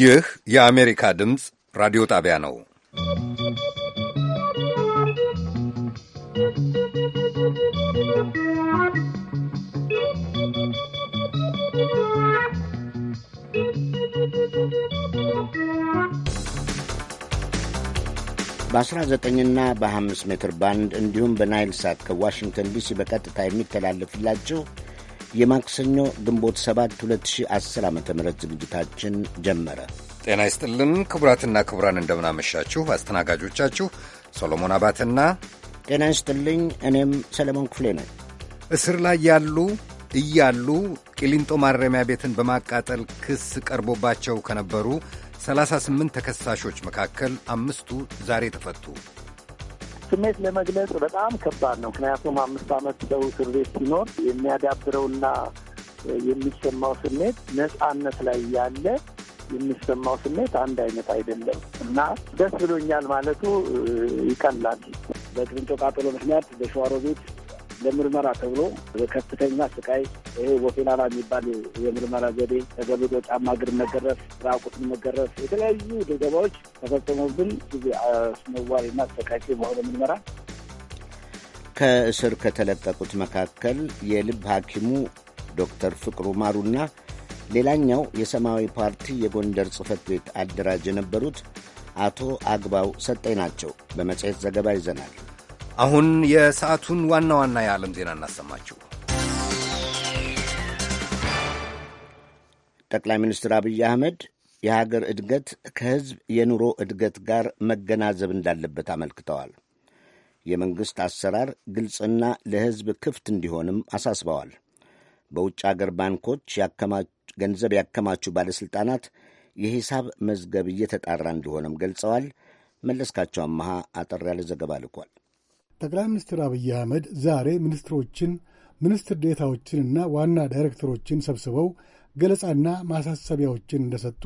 ይህ የአሜሪካ ድምፅ ራዲዮ ጣቢያ ነው። 19 እና በ5 ሜትር ባንድ እንዲሁም በናይል ሳት ከዋሽንግተን ዲሲ በቀጥታ የሚተላለፍላችሁ የማክሰኞ ግንቦት 7 2010 ዓ ም ዝግጅታችን ጀመረ። ጤና ይስጥልን ክቡራትና ክቡራን፣ እንደምናመሻችሁ። አስተናጋጆቻችሁ ሶሎሞን አባትና ጤና ይስጥልኝ። እኔም ሰለሞን ክፍሌ ነኝ። እስር ላይ ያሉ እያሉ ቂሊንጦ ማረሚያ ቤትን በማቃጠል ክስ ቀርቦባቸው ከነበሩ 38 ተከሳሾች መካከል አምስቱ ዛሬ ተፈቱ። ስሜት ለመግለጽ በጣም ከባድ ነው። ምክንያቱም አምስት ዓመት ሰው እስር ቤት ሲኖር የሚያዳብረውና የሚሰማው ስሜት ነፃነት ላይ ያለ የሚሰማው ስሜት አንድ አይነት አይደለም እና ደስ ብሎኛል ማለቱ ይቀላል። በቅርንጮ ቃጠሎ ምክንያት በሸዋሮ ቤት ለምርመራ ተብሎ በከፍተኛ ስቃይ ይሄ ወፌላላ የሚባል የምርመራ ዘዴ ተገልጦ ጫማ እግር መገረፍ፣ ራቁት መገረፍ፣ የተለያዩ ድብደባዎች ተፈጽሞብን ጊዜ አስነዋሪና አሰቃቂ በሆነ ምርመራ ከእስር ከተለቀቁት መካከል የልብ ሐኪሙ ዶክተር ፍቅሩ ማሩና ሌላኛው የሰማያዊ ፓርቲ የጎንደር ጽህፈት ቤት አደራጅ የነበሩት አቶ አግባው ሰጠኝ ናቸው። በመጽሔት ዘገባ ይዘናል። አሁን የሰዓቱን ዋና ዋና የዓለም ዜና እናሰማችሁ። ጠቅላይ ሚኒስትር አብይ አህመድ የሀገር እድገት ከሕዝብ የኑሮ እድገት ጋር መገናዘብ እንዳለበት አመልክተዋል። የመንግሥት አሰራር ግልጽና ለሕዝብ ክፍት እንዲሆንም አሳስበዋል። በውጭ አገር ባንኮች ገንዘብ ያከማቹ ባለሥልጣናት የሂሳብ መዝገብ እየተጣራ እንደሆነም ገልጸዋል። መለስካቸው አመሃ አጠር ያለ ዘገባ ልኳል። ጠቅላይ ሚኒስትር አብይ አህመድ ዛሬ ሚኒስትሮችን፣ ሚኒስትር ዴታዎችንና ዋና ዳይሬክተሮችን ሰብስበው ገለጻና ማሳሰቢያዎችን እንደሰጡ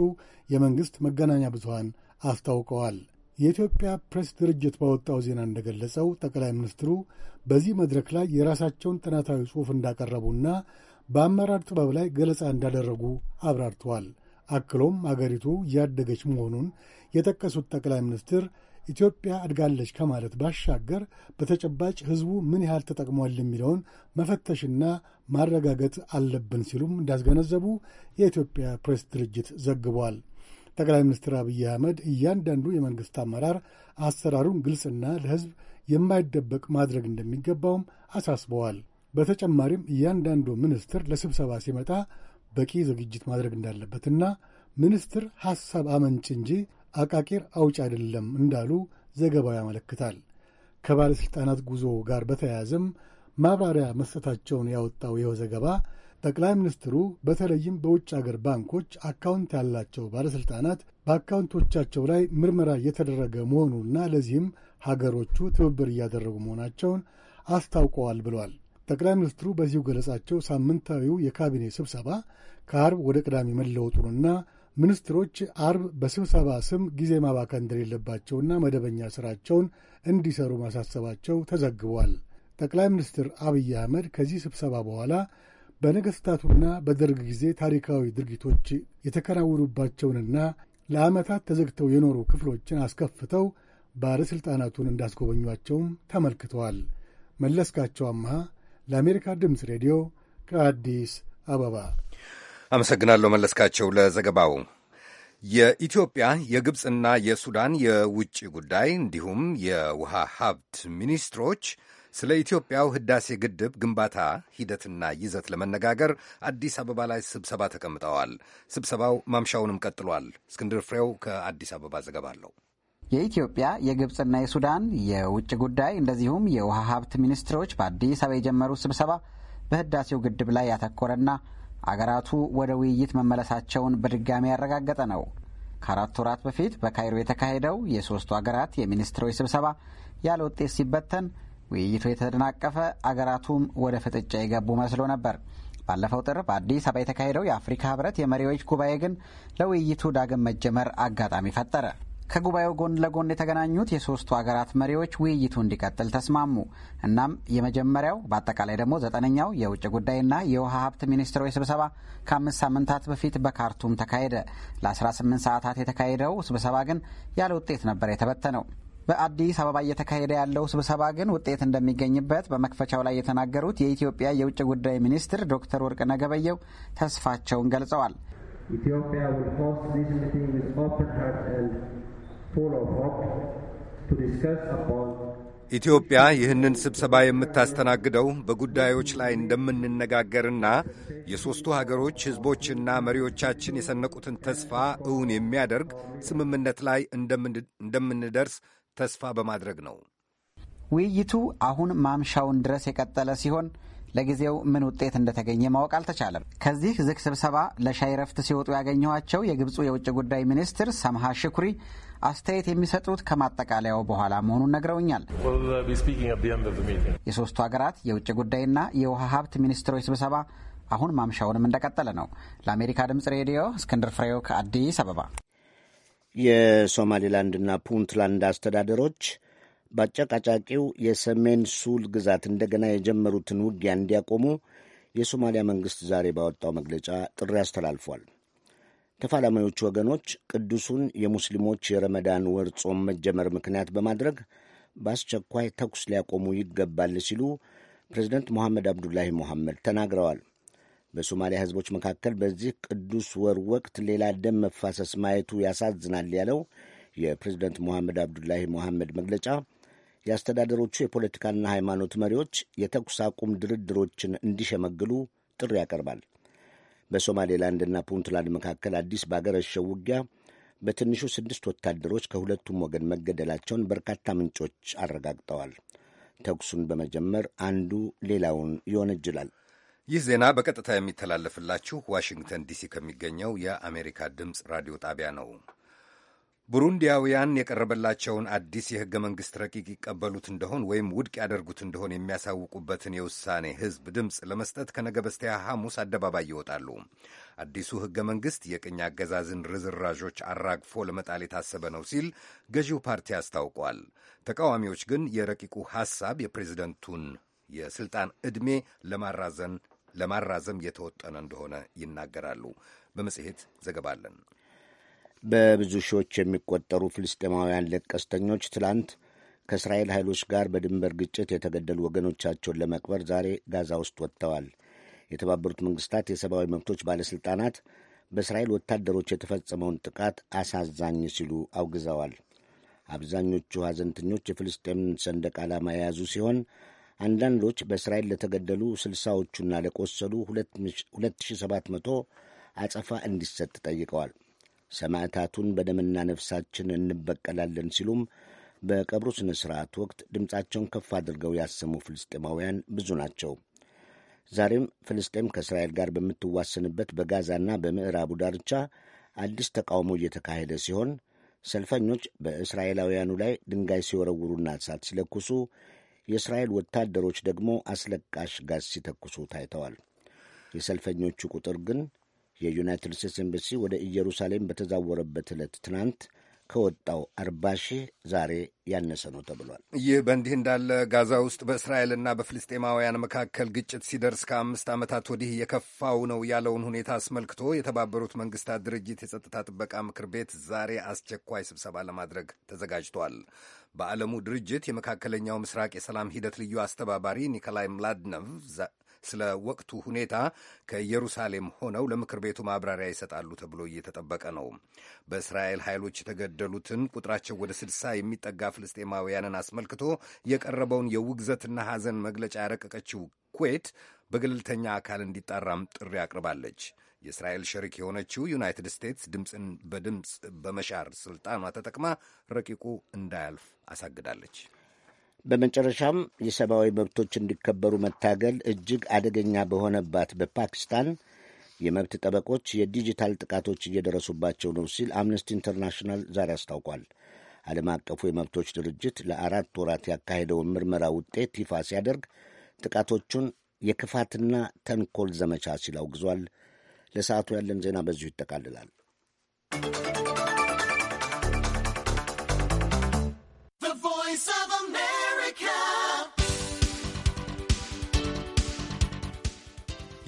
የመንግሥት መገናኛ ብዙሃን አስታውቀዋል። የኢትዮጵያ ፕሬስ ድርጅት ባወጣው ዜና እንደገለጸው ጠቅላይ ሚኒስትሩ በዚህ መድረክ ላይ የራሳቸውን ጥናታዊ ጽሑፍ እንዳቀረቡና በአመራር ጥበብ ላይ ገለጻ እንዳደረጉ አብራርተዋል። አክሎም አገሪቱ እያደገች መሆኑን የጠቀሱት ጠቅላይ ሚኒስትር ኢትዮጵያ አድጋለች ከማለት ባሻገር በተጨባጭ ሕዝቡ ምን ያህል ተጠቅሟል የሚለውን መፈተሽና ማረጋገጥ አለብን ሲሉም እንዳስገነዘቡ የኢትዮጵያ ፕሬስ ድርጅት ዘግቧል። ጠቅላይ ሚኒስትር አብይ አህመድ እያንዳንዱ የመንግሥት አመራር አሰራሩን ግልጽና ለሕዝብ የማይደበቅ ማድረግ እንደሚገባውም አሳስበዋል። በተጨማሪም እያንዳንዱ ሚኒስትር ለስብሰባ ሲመጣ በቂ ዝግጅት ማድረግ እንዳለበትና ሚኒስትር ሐሳብ አመንጭ እንጂ አቃቂር አውጭ አይደለም እንዳሉ ዘገባው ያመለክታል። ከባለሥልጣናት ጉዞ ጋር በተያያዘም ማብራሪያ መስጠታቸውን ያወጣው ይኸው ዘገባ ጠቅላይ ሚኒስትሩ በተለይም በውጭ አገር ባንኮች አካውንት ያላቸው ባለሥልጣናት በአካውንቶቻቸው ላይ ምርመራ እየተደረገ መሆኑና ለዚህም ሀገሮቹ ትብብር እያደረጉ መሆናቸውን አስታውቀዋል ብሏል። ጠቅላይ ሚኒስትሩ በዚሁ ገለጻቸው ሳምንታዊው የካቢኔ ስብሰባ ከአርብ ወደ ቅዳሜ መለወጡንና ሚኒስትሮች አርብ በስብሰባ ስም ጊዜ ማባከን እንደሌለባቸውና መደበኛ ሥራቸውን እንዲሰሩ ማሳሰባቸው ተዘግቧል። ጠቅላይ ሚኒስትር አብይ አህመድ ከዚህ ስብሰባ በኋላ በነገሥታቱና በደርግ ጊዜ ታሪካዊ ድርጊቶች የተከናወኑባቸውንና ለዓመታት ተዘግተው የኖሩ ክፍሎችን አስከፍተው ባለሥልጣናቱን እንዳስጎበኟቸውም ተመልክተዋል። መለስካቸው አምሃ ለአሜሪካ ድምፅ ሬዲዮ ከአዲስ አበባ አመሰግናለሁ መለስካቸው ለዘገባው። የኢትዮጵያ የግብፅና የሱዳን የውጭ ጉዳይ እንዲሁም የውሃ ሀብት ሚኒስትሮች ስለ ኢትዮጵያው ህዳሴ ግድብ ግንባታ ሂደትና ይዘት ለመነጋገር አዲስ አበባ ላይ ስብሰባ ተቀምጠዋል። ስብሰባው ማምሻውንም ቀጥሏል። እስክንድር ፍሬው ከአዲስ አበባ ዘገባ አለው። የኢትዮጵያ የግብፅና የሱዳን የውጭ ጉዳይ እንደዚሁም የውሃ ሀብት ሚኒስትሮች በአዲስ አበባ የጀመሩት ስብሰባ በህዳሴው ግድብ ላይ ያተኮረና አገራቱ ወደ ውይይት መመለሳቸውን በድጋሚ ያረጋገጠ ነው። ከአራት ወራት በፊት በካይሮ የተካሄደው የሦስቱ አገራት የሚኒስትሮች ስብሰባ ያለ ውጤት ሲበተን ውይይቱ የተደናቀፈ አገራቱም ወደ ፍጥጫ የገቡ መስሎ ነበር። ባለፈው ጥር በአዲስ አበባ የተካሄደው የአፍሪካ ህብረት የመሪዎች ጉባኤ ግን ለውይይቱ ዳግም መጀመር አጋጣሚ ፈጠረ። ከጉባኤው ጎን ለጎን የተገናኙት የሶስቱ ሀገራት መሪዎች ውይይቱ እንዲቀጥል ተስማሙ። እናም የመጀመሪያው በአጠቃላይ ደግሞ ዘጠነኛው የውጭ ጉዳይና የውሃ ሀብት ሚኒስትሮች ስብሰባ ከአምስት ሳምንታት በፊት በካርቱም ተካሄደ። ለ18 ሰዓታት የተካሄደው ስብሰባ ግን ያለ ውጤት ነበር የተበተነው። በአዲስ አበባ እየተካሄደ ያለው ስብሰባ ግን ውጤት እንደሚገኝበት በመክፈቻው ላይ የተናገሩት የኢትዮጵያ የውጭ ጉዳይ ሚኒስትር ዶክተር ወርቅነህ ገበየሁ ተስፋቸውን ገልጸዋል። ኢትዮጵያ ይህንን ስብሰባ የምታስተናግደው በጉዳዮች ላይ እንደምንነጋገርና የሦስቱ ሀገሮች ሕዝቦችና መሪዎቻችን የሰነቁትን ተስፋ እውን የሚያደርግ ስምምነት ላይ እንደምንደርስ ተስፋ በማድረግ ነው። ውይይቱ አሁን ማምሻውን ድረስ የቀጠለ ሲሆን ለጊዜው ምን ውጤት እንደተገኘ ማወቅ አልተቻለም። ከዚህ ዝግ ስብሰባ ለሻይ ረፍት ሲወጡ ያገኘኋቸው የግብፁ የውጭ ጉዳይ ሚኒስትር ሰምሃ ሽኩሪ አስተያየት የሚሰጡት ከማጠቃለያው በኋላ መሆኑን ነግረውኛል። uh, የሶስቱ ሀገራት የውጭ ጉዳይና የውሃ ሀብት ሚኒስትሮች ስብሰባ አሁን ማምሻውንም እንደቀጠለ ነው። ለአሜሪካ ድምጽ ሬዲዮ እስክንድር ፍሬው ከአዲስ አበባ። የሶማሌላንድና ፑንትላንድ አስተዳደሮች በአጨቃጫቂው የሰሜን ሱል ግዛት እንደገና የጀመሩትን ውጊያ እንዲያቆሙ የሶማሊያ መንግሥት ዛሬ ባወጣው መግለጫ ጥሪ አስተላልፏል። ተፋላሚዎቹ ወገኖች ቅዱሱን የሙስሊሞች የረመዳን ወር ጾም መጀመር ምክንያት በማድረግ በአስቸኳይ ተኩስ ሊያቆሙ ይገባል ሲሉ ፕሬዚደንት ሞሐመድ አብዱላሂ ሞሐመድ ተናግረዋል። በሶማሊያ ሕዝቦች መካከል በዚህ ቅዱስ ወር ወቅት ሌላ ደም መፋሰስ ማየቱ ያሳዝናል ያለው የፕሬዚደንት ሞሐመድ አብዱላሂ ሞሐመድ መግለጫ የአስተዳደሮቹ የፖለቲካና ሃይማኖት መሪዎች የተኩስ አቁም ድርድሮችን እንዲሸመግሉ ጥሪ ያቀርባል። በሶማሌላንድና ፑንትላንድ መካከል አዲስ ባገረሸው ውጊያ በትንሹ ስድስት ወታደሮች ከሁለቱም ወገን መገደላቸውን በርካታ ምንጮች አረጋግጠዋል። ተኩሱን በመጀመር አንዱ ሌላውን ይወነጅላል። ይህ ዜና በቀጥታ የሚተላለፍላችሁ ዋሽንግተን ዲሲ ከሚገኘው የአሜሪካ ድምፅ ራዲዮ ጣቢያ ነው። ቡሩንዲያውያን የቀረበላቸውን አዲስ የሕገ መንግሥት ረቂቅ ይቀበሉት እንደሆን ወይም ውድቅ ያደርጉት እንደሆን የሚያሳውቁበትን የውሳኔ ሕዝብ ድምፅ ለመስጠት ከነገ በስቲያ ሐሙስ አደባባይ ይወጣሉ። አዲሱ ሕገ መንግሥት የቅኝ አገዛዝን ርዝራዦች አራግፎ ለመጣል የታሰበ ነው ሲል ገዢው ፓርቲ አስታውቋል። ተቃዋሚዎች ግን የረቂቁ ሐሳብ የፕሬዚደንቱን የሥልጣን ዕድሜ ለማራዘም የተወጠነ እንደሆነ ይናገራሉ። በመጽሔት ዘገባ አለን። በብዙ ሺዎች የሚቆጠሩ ፍልስጤማውያን ለቀስተኞች ትላንት ከእስራኤል ኃይሎች ጋር በድንበር ግጭት የተገደሉ ወገኖቻቸውን ለመቅበር ዛሬ ጋዛ ውስጥ ወጥተዋል። የተባበሩት መንግስታት የሰብአዊ መብቶች ባለሥልጣናት በእስራኤል ወታደሮች የተፈጸመውን ጥቃት አሳዛኝ ሲሉ አውግዘዋል። አብዛኞቹ ሐዘንተኞች የፍልስጤም ሰንደቅ ዓላማ የያዙ ሲሆን አንዳንዶች በእስራኤል ለተገደሉ ስልሳዎቹና ለቆሰሉ 2700 አጸፋ እንዲሰጥ ጠይቀዋል። ሰማዕታቱን በደምና ነፍሳችን እንበቀላለን ሲሉም በቀብሩ ሥነ ሥርዓት ወቅት ድምፃቸውን ከፍ አድርገው ያሰሙ ፍልስጤማውያን ብዙ ናቸው። ዛሬም ፍልስጤም ከእስራኤል ጋር በምትዋሰንበት በጋዛና በምዕራቡ ዳርቻ አዲስ ተቃውሞ እየተካሄደ ሲሆን ሰልፈኞች በእስራኤላውያኑ ላይ ድንጋይ ሲወረውሩና እሳት ሲለኩሱ፣ የእስራኤል ወታደሮች ደግሞ አስለቃሽ ጋዝ ሲተኩሱ ታይተዋል። የሰልፈኞቹ ቁጥር ግን የዩናይትድ ስቴትስ ኤምባሲ ወደ ኢየሩሳሌም በተዛወረበት ዕለት ትናንት ከወጣው አርባ ሺህ ዛሬ ያነሰ ነው ተብሏል። ይህ በእንዲህ እንዳለ ጋዛ ውስጥ በእስራኤልና በፍልስጤማውያን መካከል ግጭት ሲደርስ ከአምስት ዓመታት ወዲህ የከፋው ነው ያለውን ሁኔታ አስመልክቶ የተባበሩት መንግስታት ድርጅት የጸጥታ ጥበቃ ምክር ቤት ዛሬ አስቸኳይ ስብሰባ ለማድረግ ተዘጋጅቷል። በዓለሙ ድርጅት የመካከለኛው ምስራቅ የሰላም ሂደት ልዩ አስተባባሪ ኒኮላይ ምላድነቭ ስለ ወቅቱ ሁኔታ ከኢየሩሳሌም ሆነው ለምክር ቤቱ ማብራሪያ ይሰጣሉ ተብሎ እየተጠበቀ ነው። በእስራኤል ኃይሎች የተገደሉትን ቁጥራቸው ወደ ስድሳ የሚጠጋ ፍልስጤማውያንን አስመልክቶ የቀረበውን የውግዘትና ሐዘን መግለጫ ያረቀቀችው ኩዌት በገለልተኛ አካል እንዲጣራም ጥሪ አቅርባለች። የእስራኤል ሸሪክ የሆነችው ዩናይትድ ስቴትስ ድምፅን በድምፅ በመሻር ስልጣኗ ተጠቅማ ረቂቁ እንዳያልፍ አሳግዳለች። በመጨረሻም የሰብአዊ መብቶች እንዲከበሩ መታገል እጅግ አደገኛ በሆነባት በፓኪስታን የመብት ጠበቆች የዲጂታል ጥቃቶች እየደረሱባቸው ነው ሲል አምነስቲ ኢንተርናሽናል ዛሬ አስታውቋል። ዓለም አቀፉ የመብቶች ድርጅት ለአራት ወራት ያካሄደውን ምርመራ ውጤት ይፋ ሲያደርግ ጥቃቶቹን የክፋትና ተንኮል ዘመቻ ሲል አውግዟል። ለሰዓቱ ያለን ዜና በዚሁ ይጠቃልላል።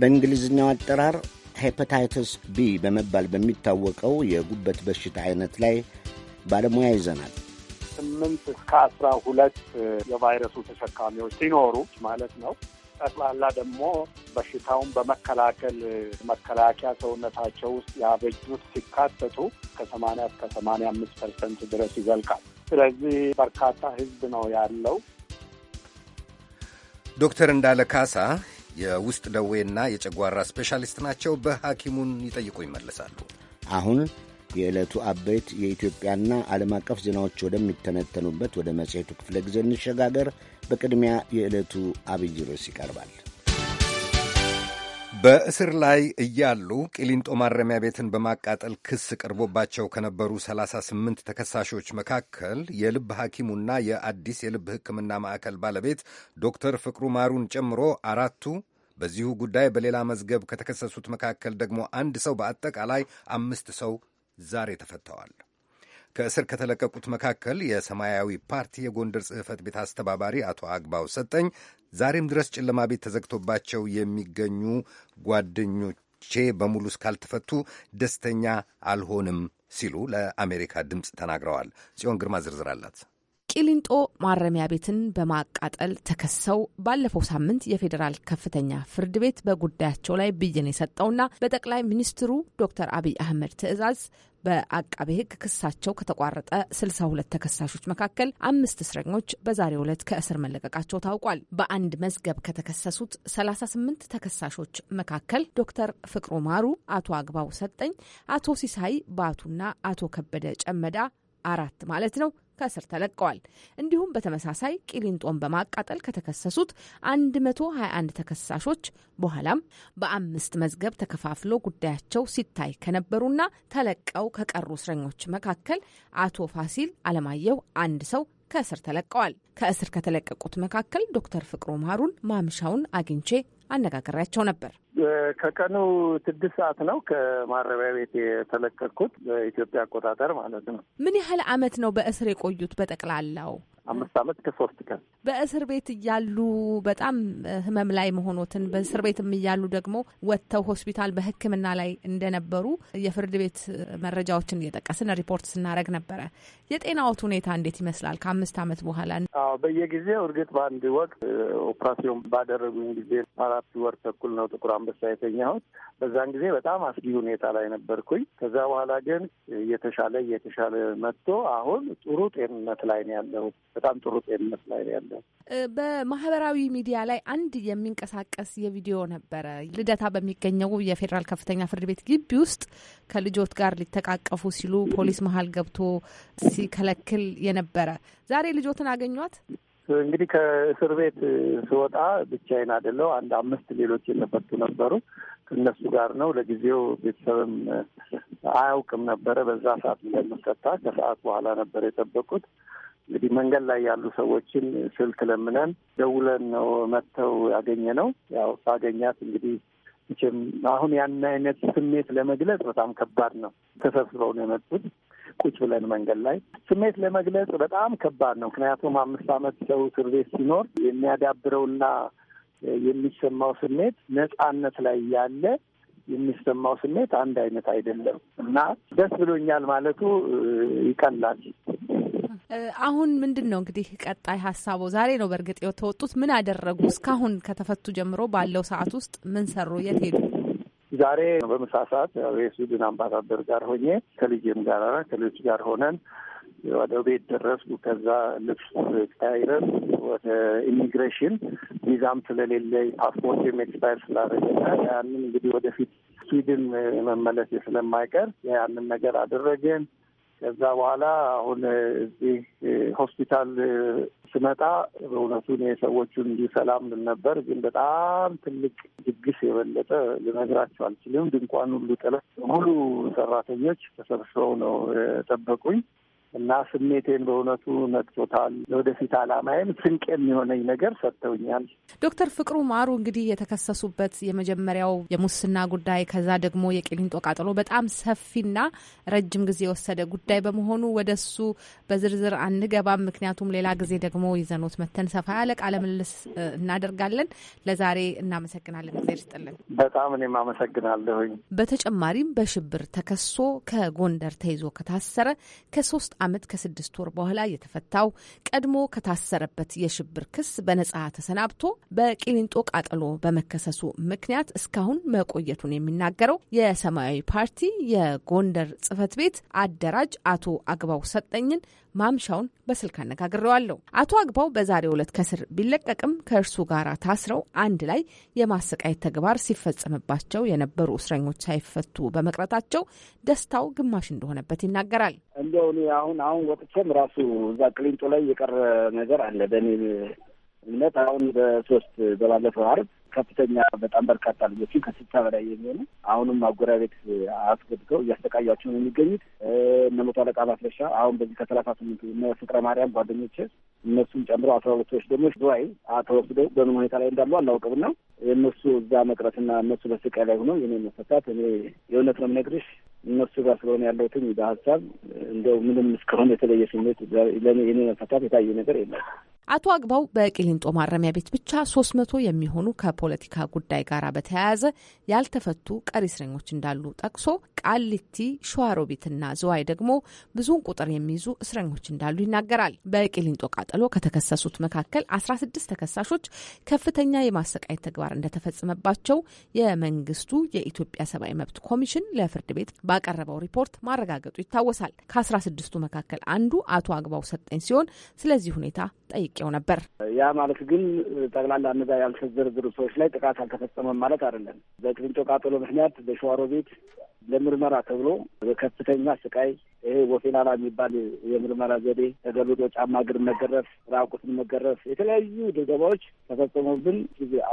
በእንግሊዝኛው አጠራር ሄፐታይተስ ቢ በመባል በሚታወቀው የጉበት በሽታ አይነት ላይ ባለሙያ ይዘናል። ስምንት እስከ አስራ ሁለት የቫይረሱ ተሸካሚዎች ሲኖሩ ማለት ነው። ጠቅላላ ደግሞ በሽታውን በመከላከል መከላከያ ሰውነታቸው ውስጥ ያበጁት ሲካተቱ ከሰማንያ እስከ ሰማንያ አምስት ፐርሰንት ድረስ ይዘልቃል። ስለዚህ በርካታ ህዝብ ነው ያለው። ዶክተር እንዳለ ካሳ የውስጥ ደዌና የጨጓራ ስፔሻሊስት ናቸው። በሐኪሙን ይጠይቁ ይመለሳሉ። አሁን የዕለቱ አበይት የኢትዮጵያና ዓለም አቀፍ ዜናዎች ወደሚተነተኑበት ወደ መጽሔቱ ክፍለ ጊዜ እንሸጋገር። በቅድሚያ የዕለቱ አብይ ርዕስ ይቀርባል። በእስር ላይ እያሉ ቂሊንጦ ማረሚያ ቤትን በማቃጠል ክስ ቀርቦባቸው ከነበሩ 38 ተከሳሾች መካከል የልብ ሐኪሙና የአዲስ የልብ ሕክምና ማዕከል ባለቤት ዶክተር ፍቅሩ ማሩን ጨምሮ አራቱ በዚሁ ጉዳይ በሌላ መዝገብ ከተከሰሱት መካከል ደግሞ አንድ ሰው በአጠቃላይ አምስት ሰው ዛሬ ተፈተዋል። ከእስር ከተለቀቁት መካከል የሰማያዊ ፓርቲ የጎንደር ጽሕፈት ቤት አስተባባሪ አቶ አግባው ሰጠኝ ዛሬም ድረስ ጨለማ ቤት ተዘግቶባቸው የሚገኙ ጓደኞቼ በሙሉ እስካልተፈቱ ደስተኛ አልሆንም ሲሉ ለአሜሪካ ድምፅ ተናግረዋል። ጽዮን ግርማ ዝርዝር አላት። ቂሊንጦ ማረሚያ ቤትን በማቃጠል ተከሰው ባለፈው ሳምንት የፌዴራል ከፍተኛ ፍርድ ቤት በጉዳያቸው ላይ ብይን የሰጠውና በጠቅላይ ሚኒስትሩ ዶክተር አብይ አህመድ ትዕዛዝ በአቃቤ ሕግ ክሳቸው ከተቋረጠ 62 ተከሳሾች መካከል አምስት እስረኞች በዛሬው ዕለት ከእስር መለቀቃቸው ታውቋል። በአንድ መዝገብ ከተከሰሱት 38 ተከሳሾች መካከል ዶክተር ፍቅሩ ማሩ፣ አቶ አግባው ሰጠኝ፣ አቶ ሲሳይ ባቱና አቶ ከበደ ጨመዳ አራት ማለት ነው ከእስር ተለቀዋል። እንዲሁም በተመሳሳይ ቂሊንጦን በማቃጠል ከተከሰሱት 121 ተከሳሾች በኋላም በአምስት መዝገብ ተከፋፍሎ ጉዳያቸው ሲታይ ከነበሩና ተለቀው ከቀሩ እስረኞች መካከል አቶ ፋሲል አለማየሁ አንድ ሰው ከእስር ተለቀዋል። ከእስር ከተለቀቁት መካከል ዶክተር ፍቅሩ ማሩን ማምሻውን አግኝቼ አነጋግሬያቸው ነበር። ከቀኑ ስድስት ሰዓት ነው ከማረቢያ ቤት የተለቀቅኩት በኢትዮጵያ አቆጣጠር ማለት ነው። ምን ያህል አመት ነው በእስር የቆዩት? በጠቅላላው አምስት አመት ከሶስት ቀን በእስር ቤት እያሉ በጣም ህመም ላይ መሆኖትን በእስር ቤትም እያሉ ደግሞ ወጥተው ሆስፒታል በሕክምና ላይ እንደነበሩ የፍርድ ቤት መረጃዎችን እየጠቀስን ሪፖርት ስናደረግ ነበረ። የጤናዎት ሁኔታ እንዴት ይመስላል? ከአምስት አመት በኋላ አዎ፣ በየጊዜው እርግጥ በአንድ ወቅት ኦፕራሲዮን ባደረጉኝ ጊዜ አራ አራት ወር ተኩል ነው ጥቁር አንበሳ የተኛሁት። በዛን ጊዜ በጣም አስጊ ሁኔታ ላይ ነበርኩኝ። ከዛ በኋላ ግን እየተሻለ እየተሻለ መጥቶ አሁን ጥሩ ጤንነት ላይ ነው ያለሁት። በጣም ጥሩ ጤንነት ላይ ነው ያለሁት። በማህበራዊ ሚዲያ ላይ አንድ የሚንቀሳቀስ የቪዲዮ ነበረ። ልደታ በሚገኘው የፌዴራል ከፍተኛ ፍርድ ቤት ግቢ ውስጥ ከልጆት ጋር ሊተቃቀፉ ሲሉ ፖሊስ መሀል ገብቶ ሲከለክል የነበረ ዛሬ ልጆትን አገኟት? እንግዲህ ከእስር ቤት ስወጣ ብቻዬን አይደለሁ። አንድ አምስት ሌሎች የተፈቱ ነበሩ። ከእነሱ ጋር ነው። ለጊዜው ቤተሰብም አያውቅም ነበረ በዛ ሰዓት እንደምፈታ። ከሰዓት በኋላ ነበር የጠበቁት። እንግዲህ መንገድ ላይ ያሉ ሰዎችን ስልክ ለምነን ደውለን ነው መጥተው ያገኘ ነው። ያው ሳገኛት እንግዲህ መቼም አሁን ያን አይነት ስሜት ለመግለጽ በጣም ከባድ ነው። ተሰብስበው ነው የመጡት። ቁጭ ብለን መንገድ ላይ ስሜት ለመግለጽ በጣም ከባድ ነው። ምክንያቱም አምስት ዓመት ሰው እስር ቤት ሲኖር የሚያዳብረውና የሚሰማው ስሜት ነጻነት ላይ ያለ የሚሰማው ስሜት አንድ አይነት አይደለም እና ደስ ብሎኛል ማለቱ ይቀላል። አሁን ምንድን ነው እንግዲህ ቀጣይ ሀሳቦ? ዛሬ ነው በእርግጥ የተወጡት። ምን አደረጉ? እስካሁን ከተፈቱ ጀምሮ ባለው ሰዓት ውስጥ ምን ሰሩ? የት ሄዱ? ዛሬ በምሳ ሰዓት የሱድን አምባሳደር ጋር ሆኜ ከልጅም ጋር ከልጆች ጋር ሆነን ወደ ቤት ደረስኩ። ከዛ ልብስ ቀያይረን ወደ ኢሚግሬሽን ቪዛም ስለሌለ ፓስፖርት ኤክስፓየር ስላደረገና ያንን እንግዲህ ወደፊት ስዊድን መመለስ ስለማይቀር ያንን ነገር አደረገን። ከዛ በኋላ አሁን እዚህ ሆስፒታል ስመጣ በእውነቱ እኔ ሰዎቹን እንዲህ ሰላም ብል ነበር፣ ግን በጣም ትልቅ ድግስ የበለጠ ልነግራቸው አልችልም። ድንኳን ሁሉ ጥለት ሙሉ ሰራተኞች ተሰብስበው ነው የጠበቁኝ። እና ስሜቴን በእውነቱ ነጥቶታል። ለወደፊት አላማዬም ስንቅ የሚሆነኝ ነገር ሰጥተውኛል። ዶክተር ፍቅሩ ማሩ እንግዲህ የተከሰሱበት የመጀመሪያው የሙስና ጉዳይ ከዛ ደግሞ የቂሊንጦ ቃጠሎ በጣም ሰፊና ረጅም ጊዜ የወሰደ ጉዳይ በመሆኑ ወደ እሱ በዝርዝር አንገባም። ምክንያቱም ሌላ ጊዜ ደግሞ ይዘኖት መተን ሰፋ ያለ ቃለ ምልልስ እናደርጋለን። ለዛሬ እናመሰግናለን። ጊዜ ይስጥልን። በጣም እኔም አመሰግናለሁኝ። በተጨማሪም በሽብር ተከሶ ከጎንደር ተይዞ ከታሰረ ከሶስት ዓመት ከስድስት ወር በኋላ የተፈታው ቀድሞ ከታሰረበት የሽብር ክስ በነጻ ተሰናብቶ በቂሊንጦ ቃጠሎ በመከሰሱ ምክንያት እስካሁን መቆየቱን የሚናገረው የሰማያዊ ፓርቲ የጎንደር ጽህፈት ቤት አደራጅ አቶ አግባው ሰጠኝን ማምሻውን በስልክ አነጋግሬዋለሁ። አቶ አግባው በዛሬው ዕለት ከስር ቢለቀቅም ከእርሱ ጋር ታስረው አንድ ላይ የማሰቃየት ተግባር ሲፈጸምባቸው የነበሩ እስረኞች ሳይፈቱ በመቅረታቸው ደስታው ግማሽ እንደሆነበት ይናገራል። እንደው እኔ አሁን አሁን ወጥቼም ራሱ እዛ ቅሊንጦ ላይ የቀረ ነገር አለ በእኔ እምነት አሁን በሶስት በባለፈው አርብ ከፍተኛ በጣም በርካታ ልጆችን ከስልሳ በላይ የሚሆኑ አሁንም ማጎሪያ ቤት አስገብተው እያሰቃያቸው ነው የሚገኙት። እነ መቶ አለቃ ማስረሻ አሁን በዚህ ከሰላሳ ስምንቱ እነ ፍቅረ ማርያም ጓደኞች እነሱም ጨምሮ አስራ ሁለት ሰዎች ደግሞ ዝዋይ ተወስደው በምን ሁኔታ ላይ እንዳሉ አላውቅም። ነው የእነሱ እዛ መቅረትና እነሱ በስቃይ ላይ ሆነው የኔ መፈታት እኔ የእውነት ነው የምነግርሽ እነሱ ጋር ስለሆነ ያለሁትኝ በሀሳብ እንደው ምንም እስካሁን የተለየ ስሜት ለእኔ የኔ መፈታት የታየ ነገር የለም። አቶ አግባው በቂሊንጦ ማረሚያ ቤት ብቻ 300 የሚሆኑ ከፖለቲካ ጉዳይ ጋር በተያያዘ ያልተፈቱ ቀሪ እስረኞች እንዳሉ ጠቅሶ ቃሊቲ፣ ሸዋሮቢትና ዝዋይ ደግሞ ብዙውን ቁጥር የሚይዙ እስረኞች እንዳሉ ይናገራል። በቅሊንጦ ቃጠሎ ከተከሰሱት መካከል 16 ተከሳሾች ከፍተኛ የማሰቃየት ተግባር እንደተፈጸመባቸው የመንግስቱ የኢትዮጵያ ሰብአዊ መብት ኮሚሽን ለፍርድ ቤት ባቀረበው ሪፖርት ማረጋገጡ ይታወሳል። ከ16ቱ መካከል አንዱ አቶ አግባው ሰጠኝ ሲሆን ስለዚህ ሁኔታ ጠይቀ ጠይቄው ነበር። ያ ማለት ግን ጠቅላላ እነዛ ያልተዘረዘሩ ሰዎች ላይ ጥቃት አልተፈጸመም ማለት አይደለም። በቅሊንጦ ቃጠሎ ምክንያት በሸዋሮ ቤት ለምርመራ ተብሎ በከፍተኛ ስቃይ ይሄ ወፌናላ የሚባል የምርመራ ዘዴ ተገልጦ ጫማ እግር መገረፍ፣ ራቁትን መገረፍ፣ የተለያዩ ድብደባዎች ተፈጸሙብን።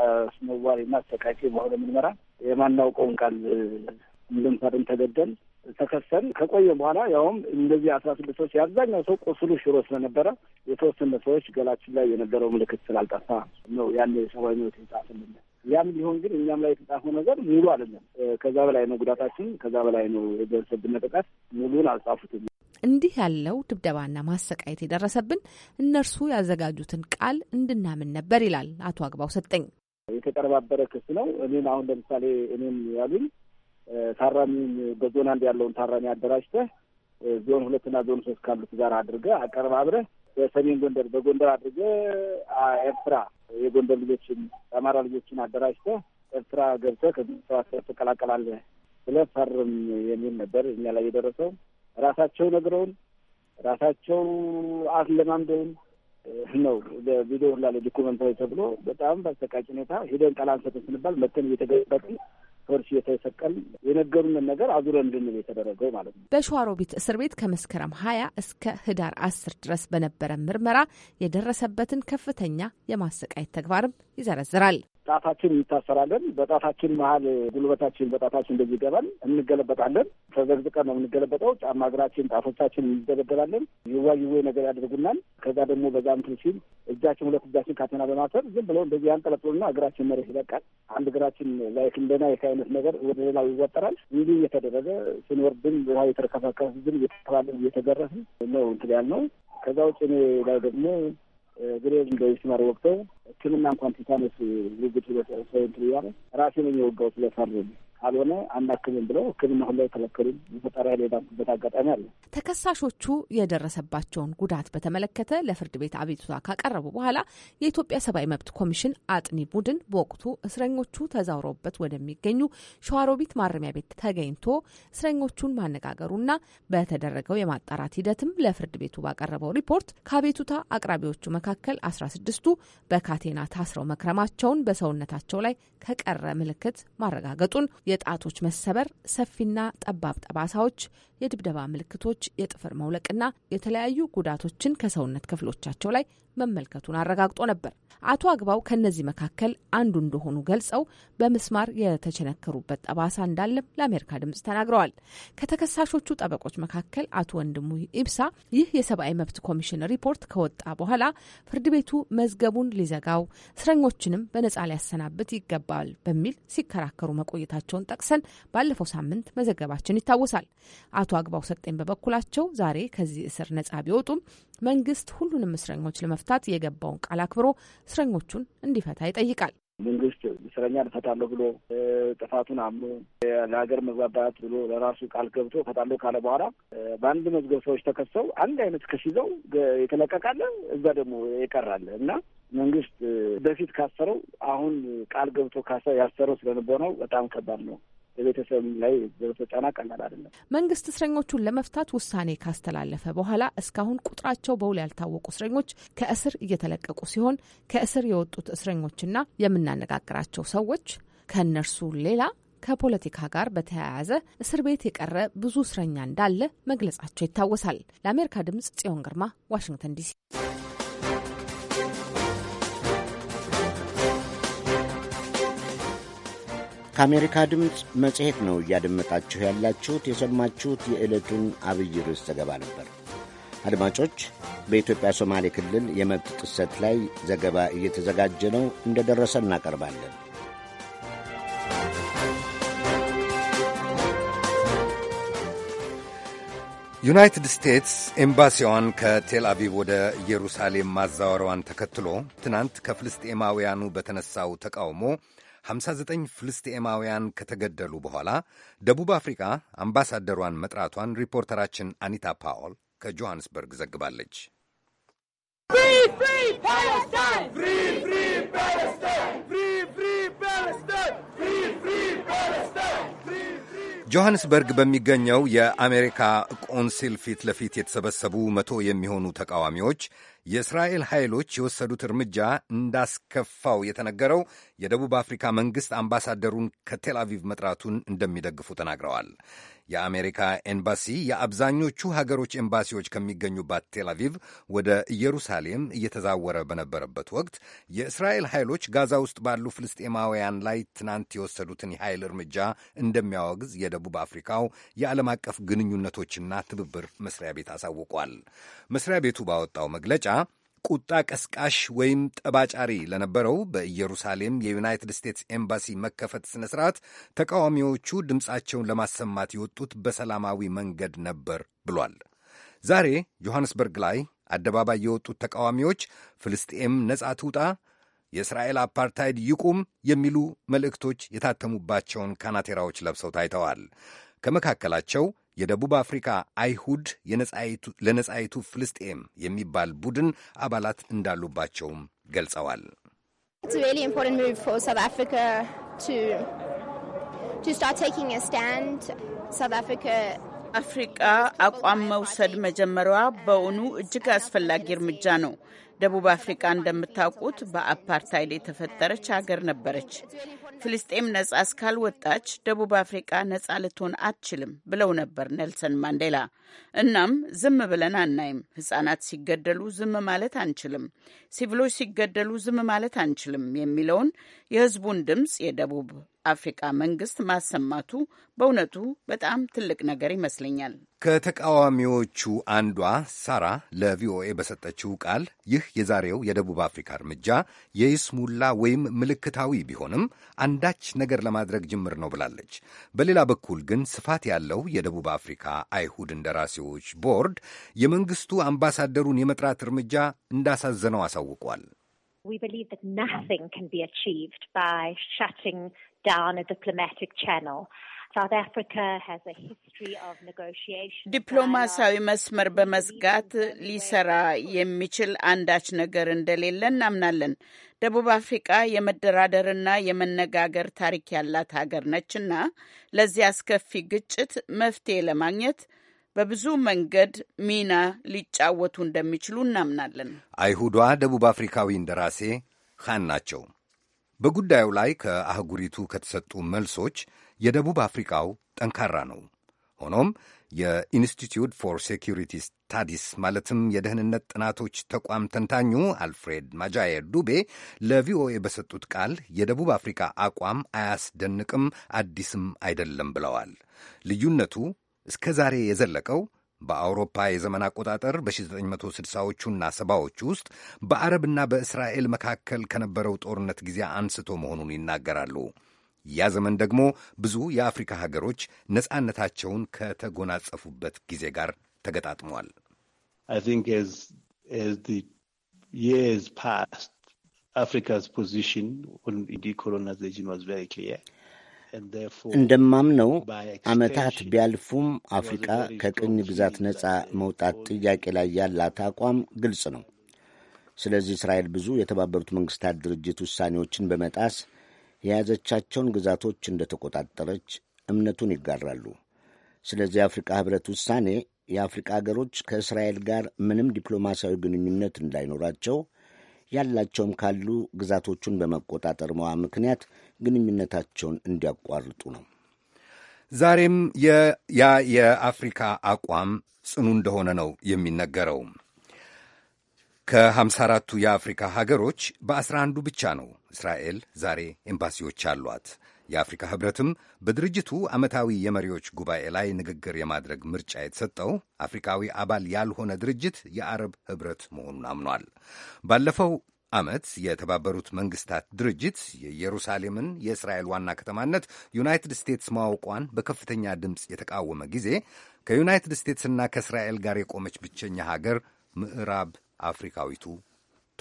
አስነዋሪና አሰቃቂ በሆነ ምርመራ የማናውቀውን ቃል ልንፈርም ተገደል ተከሰን ከቆየ በኋላ ያውም እንደዚህ አስራ ስድስት ሰዎች የአብዛኛው ሰው ቁስሉ ሽሮ ስለነበረ የተወሰነ ሰዎች ገላችን ላይ የነበረው ምልክት ስላልጠፋ ነው ያን የሰብአዊ መብት የተጻፈልን። ያም ሊሆን ግን እኛም ላይ የተጻፈው ነገር ሙሉ አይደለም። ከዛ በላይ ነው ጉዳታችን፣ ከዛ በላይ ነው የደረሰብን ጥቃት። ሙሉን አልጻፉትም። እንዲህ ያለው ድብደባና ማሰቃየት የደረሰብን እነርሱ ያዘጋጁትን ቃል እንድናምን ነበር ይላል አቶ አግባው ሰጠኝ። የተቀነባበረ ክስ ነው። እኔን አሁን ለምሳሌ እኔም ያሉኝ ታራሚውን በዞን አንድ ያለውን ታራሚ አደራጅተህ ዞን ሁለትና ዞን ሶስት ካሉት ጋር አድርገህ አቀረባብረህ በሰሜን ጎንደር በጎንደር አድርገ ኤርትራ የጎንደር ልጆችን የአማራ ልጆችን አደራጅተ ኤርትራ ገብተ ከሰባት ትቀላቀላለህ ስለ ፈርም የሚል ነበር እኛ ላይ የደረሰው። ራሳቸው ነግረውን ራሳቸው አስለማምደውን ነው ቪዲዮ ሁላ ለዶኩመንታዊ ተብሎ በጣም በአሰቃቂ ሁኔታ ሂደን ቃል አንሰጥም ስንባል መተን እየተገባጥን ሰዎች እየተሰቀል የነገሩንን ነገር አዙረ እንድንል የተደረገው ማለት ነው። በሸዋሮቢት እስር ቤት ከመስከረም ሀያ እስከ ህዳር አስር ድረስ በነበረ ምርመራ የደረሰበትን ከፍተኛ የማሰቃየት ተግባርም ይዘረዝራል። ጣታችን እንታሰራለን። በጣታችን መሀል ጉልበታችን በጣታችን እንደዚህ ይገባል። እንገለበጣለን። ተዘግዝቀን ነው የምንገለበጠው። ጫማ እግራችን፣ ጣቶቻችን እንደበደላለን። ይዋ ይዌ ነገር ያደርጉናል። ከዛ ደግሞ በዛ እንትን ሲል እጃችን ሁለት እጃችን ካቴና በማሰር ዝም ብለው እንደዚህ ያንጠለጥሉና እግራችን መሬት ይለቃል። አንድ እግራችን ላይክ እንደና የካይነት ነገር ወደ ሌላው ይወጠራል። እንዲህ እየተደረገ ስንወርድን ውሃ የተረከፈከፍብን እየተባለ እየተገረፍን ነው እንትን ነው። ከዛ ውጭ እኔ ላይ ደግሞ ግሬ እንደ ሚስማር ወቅተው ሕክምና እንኳን ቲታኖስ ልግድ ሰው እንትን እያለ ራሴ ነኝ የወጋው ስለፈሩ ካልሆነ አናክምም ብለው ሕክምና ሁላ የተለከሉ በጠራ ሌዳበት አጋጣሚ አለ። ተከሳሾቹ የደረሰባቸውን ጉዳት በተመለከተ ለፍርድ ቤት አቤቱታ ካቀረቡ በኋላ የኢትዮጵያ ሰብአዊ መብት ኮሚሽን አጥኒ ቡድን በወቅቱ እስረኞቹ ተዛውረውበት ወደሚገኙ ሸዋሮቢት ማረሚያ ቤት ተገኝቶ እስረኞቹን ማነጋገሩና በተደረገው የማጣራት ሂደትም ለፍርድ ቤቱ ባቀረበው ሪፖርት ከአቤቱታ አቅራቢዎቹ መካከል አስራ ስድስቱ በካቴና ታስረው መክረማቸውን በሰውነታቸው ላይ ከቀረ ምልክት ማረጋገጡን የጣቶች መሰበር፣ ሰፊና ጠባብ ጠባሳዎች፣ የድብደባ ምልክቶች፣ የጥፍር መውለቅና የተለያዩ ጉዳቶችን ከሰውነት ክፍሎቻቸው ላይ መመልከቱን አረጋግጦ ነበር። አቶ አግባው ከእነዚህ መካከል አንዱ እንደሆኑ ገልጸው በምስማር የተቸነከሩበት ጠባሳ እንዳለም ለአሜሪካ ድምጽ ተናግረዋል። ከተከሳሾቹ ጠበቆች መካከል አቶ ወንድሙ ኢብሳ ይህ የሰብአዊ መብት ኮሚሽን ሪፖርት ከወጣ በኋላ ፍርድ ቤቱ መዝገቡን ሊዘጋው፣ እስረኞችንም በነጻ ሊያሰናብት ይገባል በሚል ሲከራከሩ መቆየታቸውን ጠቅሰን ባለፈው ሳምንት መዘገባችን ይታወሳል። አቶ አግባው ሰጠኝ በበኩላቸው ዛሬ ከዚህ እስር ነጻ ቢወጡም መንግስት ሁሉንም እስረኞች ለመፍታት ለመፍታት የገባውን ቃል አክብሮ እስረኞቹን እንዲፈታ ይጠይቃል። መንግስት እስረኛ እፈታለሁ ብሎ ጥፋቱን አምኖ ለሀገር መግባባት ብሎ ለራሱ ቃል ገብቶ እፈታለሁ ካለ በኋላ በአንድ መዝገብ ሰዎች ተከሰው አንድ አይነት ክስ ይዘው የተለቀቃለ እዛ ደግሞ የቀራለ እና መንግስት በፊት ካሰረው አሁን ቃል ገብቶ ካሰ ያሰረው ስለነበረው በጣም ከባድ ነው። በቤተሰብ ላይ ዘርቶ ቀላል አይደለም። መንግስት እስረኞቹን ለመፍታት ውሳኔ ካስተላለፈ በኋላ እስካሁን ቁጥራቸው በውል ያልታወቁ እስረኞች ከእስር እየተለቀቁ ሲሆን ከእስር የወጡት እስረኞችና የምናነጋግራቸው ሰዎች ከእነርሱ ሌላ ከፖለቲካ ጋር በተያያዘ እስር ቤት የቀረ ብዙ እስረኛ እንዳለ መግለጻቸው ይታወሳል። ለአሜሪካ ድምጽ ጽዮን ግርማ ዋሽንግተን ዲሲ ከአሜሪካ ድምፅ መጽሔት ነው እያደመጣችሁ ያላችሁት። የሰማችሁት የዕለቱን አብይ ርዕስ ዘገባ ነበር። አድማጮች፣ በኢትዮጵያ ሶማሌ ክልል የመብት ጥሰት ላይ ዘገባ እየተዘጋጀ ነው፣ ደረሰ እናቀርባለን። ዩናይትድ ስቴትስ ኤምባሲዋን ከቴል አቪቭ ወደ ኢየሩሳሌም ማዛወሯን ተከትሎ ትናንት ከፍልስጤማውያኑ በተነሳው ተቃውሞ 59 ፍልስጤማውያን ከተገደሉ በኋላ ደቡብ አፍሪካ አምባሳደሯን መጥራቷን ሪፖርተራችን አኒታ ፓውል ከጆሃንስበርግ ዘግባለች። ጆሐንስበርግ በሚገኘው የአሜሪካ ቆንሲል ፊት ለፊት የተሰበሰቡ መቶ የሚሆኑ ተቃዋሚዎች የእስራኤል ኃይሎች የወሰዱት እርምጃ እንዳስከፋው የተነገረው የደቡብ አፍሪካ መንግሥት አምባሳደሩን ከቴል አቪቭ መጥራቱን እንደሚደግፉ ተናግረዋል። የአሜሪካ ኤምባሲ የአብዛኞቹ ሀገሮች ኤምባሲዎች ከሚገኙባት ቴላቪቭ ወደ ኢየሩሳሌም እየተዛወረ በነበረበት ወቅት የእስራኤል ኃይሎች ጋዛ ውስጥ ባሉ ፍልስጤማውያን ላይ ትናንት የወሰዱትን የኃይል እርምጃ እንደሚያወግዝ የደቡብ አፍሪካው የዓለም አቀፍ ግንኙነቶችና ትብብር መስሪያ ቤት አሳውቋል። መስሪያ ቤቱ ባወጣው መግለጫ ቁጣ ቀስቃሽ ወይም ጠባጫሪ ለነበረው በኢየሩሳሌም የዩናይትድ ስቴትስ ኤምባሲ መከፈት ስነ ስርዓት ተቃዋሚዎቹ ድምፃቸውን ለማሰማት የወጡት በሰላማዊ መንገድ ነበር ብሏል። ዛሬ ጆሐንስበርግ ላይ አደባባይ የወጡት ተቃዋሚዎች ፍልስጤም ነጻ ትውጣ፣ የእስራኤል አፓርታይድ ይቁም የሚሉ መልእክቶች የታተሙባቸውን ካናቴራዎች ለብሰው ታይተዋል። ከመካከላቸው የደቡብ አፍሪካ አይሁድ ለነጻይቱ ፍልስጤም የሚባል ቡድን አባላት እንዳሉባቸውም ገልጸዋል። አፍሪቃ አቋም መውሰድ መጀመሪያ በእውኑ እጅግ አስፈላጊ እርምጃ ነው። ደቡብ አፍሪቃ እንደምታውቁት በአፓርታይድ የተፈጠረች ሀገር ነበረች። ፍልስጤም ነጻ እስካልወጣች ደቡብ አፍሪቃ ነጻ ልትሆን አትችልም ብለው ነበር ኔልሰን ማንዴላ። እናም ዝም ብለን አናይም። ህጻናት ሲገደሉ ዝም ማለት አንችልም፣ ሲቪሎች ሲገደሉ ዝም ማለት አንችልም የሚለውን የህዝቡን ድምፅ የደቡብ አፍሪካ መንግስት ማሰማቱ በእውነቱ በጣም ትልቅ ነገር ይመስለኛል። ከተቃዋሚዎቹ አንዷ ሳራ ለቪኦኤ በሰጠችው ቃል ይህ የዛሬው የደቡብ አፍሪካ እርምጃ የይስሙላ ወይም ምልክታዊ ቢሆንም አንዳች ነገር ለማድረግ ጅምር ነው ብላለች። በሌላ በኩል ግን ስፋት ያለው የደቡብ አፍሪካ አይሁድ እንደራሴዎች ቦርድ የመንግስቱ አምባሳደሩን የመጥራት እርምጃ እንዳሳዘነው አሳውቋል። ዲፕሎማሲያዊ መስመር በመዝጋት ሊሰራ የሚችል አንዳች ነገር እንደሌለ እናምናለን። ደቡብ አፍሪቃ የመደራደርና የመነጋገር ታሪክ ያላት ሀገር ነችና ለዚህ አስከፊ ግጭት መፍትሄ ለማግኘት በብዙ መንገድ ሚና ሊጫወቱ እንደሚችሉ እናምናለን። አይሁዷ ደቡብ አፍሪካዊ እንደራሴ ሃን ናቸው። በጉዳዩ ላይ ከአህጉሪቱ ከተሰጡ መልሶች የደቡብ አፍሪካው ጠንካራ ነው። ሆኖም የኢንስቲትዩት ፎር ሴኪሪቲ ስታዲስ ማለትም የደህንነት ጥናቶች ተቋም ተንታኙ አልፍሬድ ማጃየ ዱቤ ለቪኦኤ በሰጡት ቃል የደቡብ አፍሪካ አቋም አያስደንቅም፣ አዲስም አይደለም ብለዋል። ልዩነቱ እስከ ዛሬ የዘለቀው በአውሮፓ የዘመን አቆጣጠር በ1960ዎቹና ሰባዎቹ ውስጥ በአረብና በእስራኤል መካከል ከነበረው ጦርነት ጊዜ አንስቶ መሆኑን ይናገራሉ። ያ ዘመን ደግሞ ብዙ የአፍሪካ ሀገሮች ነጻነታቸውን ከተጎናጸፉበት ጊዜ ጋር ተገጣጥሟል። አፍሪካስ ፖዚሽን ዲኮሎናይዜሽን ዋዝ እንደማምነው ዓመታት ቢያልፉም አፍሪቃ ከቅኝ ግዛት ነፃ መውጣት ጥያቄ ላይ ያላት አቋም ግልጽ ነው። ስለዚህ እስራኤል ብዙ የተባበሩት መንግስታት ድርጅት ውሳኔዎችን በመጣስ የያዘቻቸውን ግዛቶች እንደተቆጣጠረች እምነቱን ይጋራሉ። ስለዚህ የአፍሪቃ ህብረት ውሳኔ የአፍሪቃ አገሮች ከእስራኤል ጋር ምንም ዲፕሎማሲያዊ ግንኙነት እንዳይኖራቸው ያላቸውም ካሉ ግዛቶቹን በመቆጣጠር መዋ ምክንያት ግንኙነታቸውን እንዲያቋርጡ ነው። ዛሬም ያ የአፍሪካ አቋም ጽኑ እንደሆነ ነው የሚነገረው። ከ54ቱ የአፍሪካ ሀገሮች በ 1 ዱ ብቻ ነው እስራኤል ዛሬ ኤምባሲዎች አሏት። የአፍሪካ ህብረትም በድርጅቱ ዓመታዊ የመሪዎች ጉባኤ ላይ ንግግር የማድረግ ምርጫ የተሰጠው አፍሪካዊ አባል ያልሆነ ድርጅት የአረብ ህብረት መሆኑን አምኗል። ባለፈው ዓመት የተባበሩት መንግስታት ድርጅት የኢየሩሳሌምን የእስራኤል ዋና ከተማነት ዩናይትድ ስቴትስ ማወቋን በከፍተኛ ድምፅ የተቃወመ ጊዜ ከዩናይትድ ስቴትስና ከእስራኤል ጋር የቆመች ብቸኛ ሀገር ምዕራብ አፍሪካዊቱ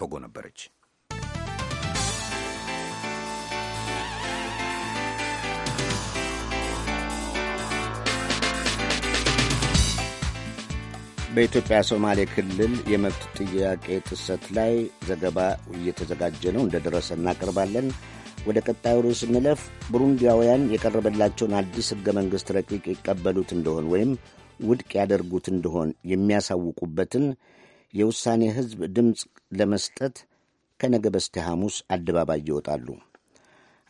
ቶጎ ነበረች። በኢትዮጵያ ሶማሌ ክልል የመብት ጥያቄ ጥሰት ላይ ዘገባ እየተዘጋጀ ነው፣ እንደደረሰ እናቀርባለን። ወደ ቀጣዩ ርዕስ እንለፍ። ቡሩንዲያውያን የቀረበላቸውን አዲስ ሕገ መንግሥት ረቂቅ ይቀበሉት እንደሆን ወይም ውድቅ ያደርጉት እንደሆን የሚያሳውቁበትን የውሳኔ ሕዝብ ድምፅ ለመስጠት ከነገ በስቲያ ሐሙስ አደባባይ ይወጣሉ።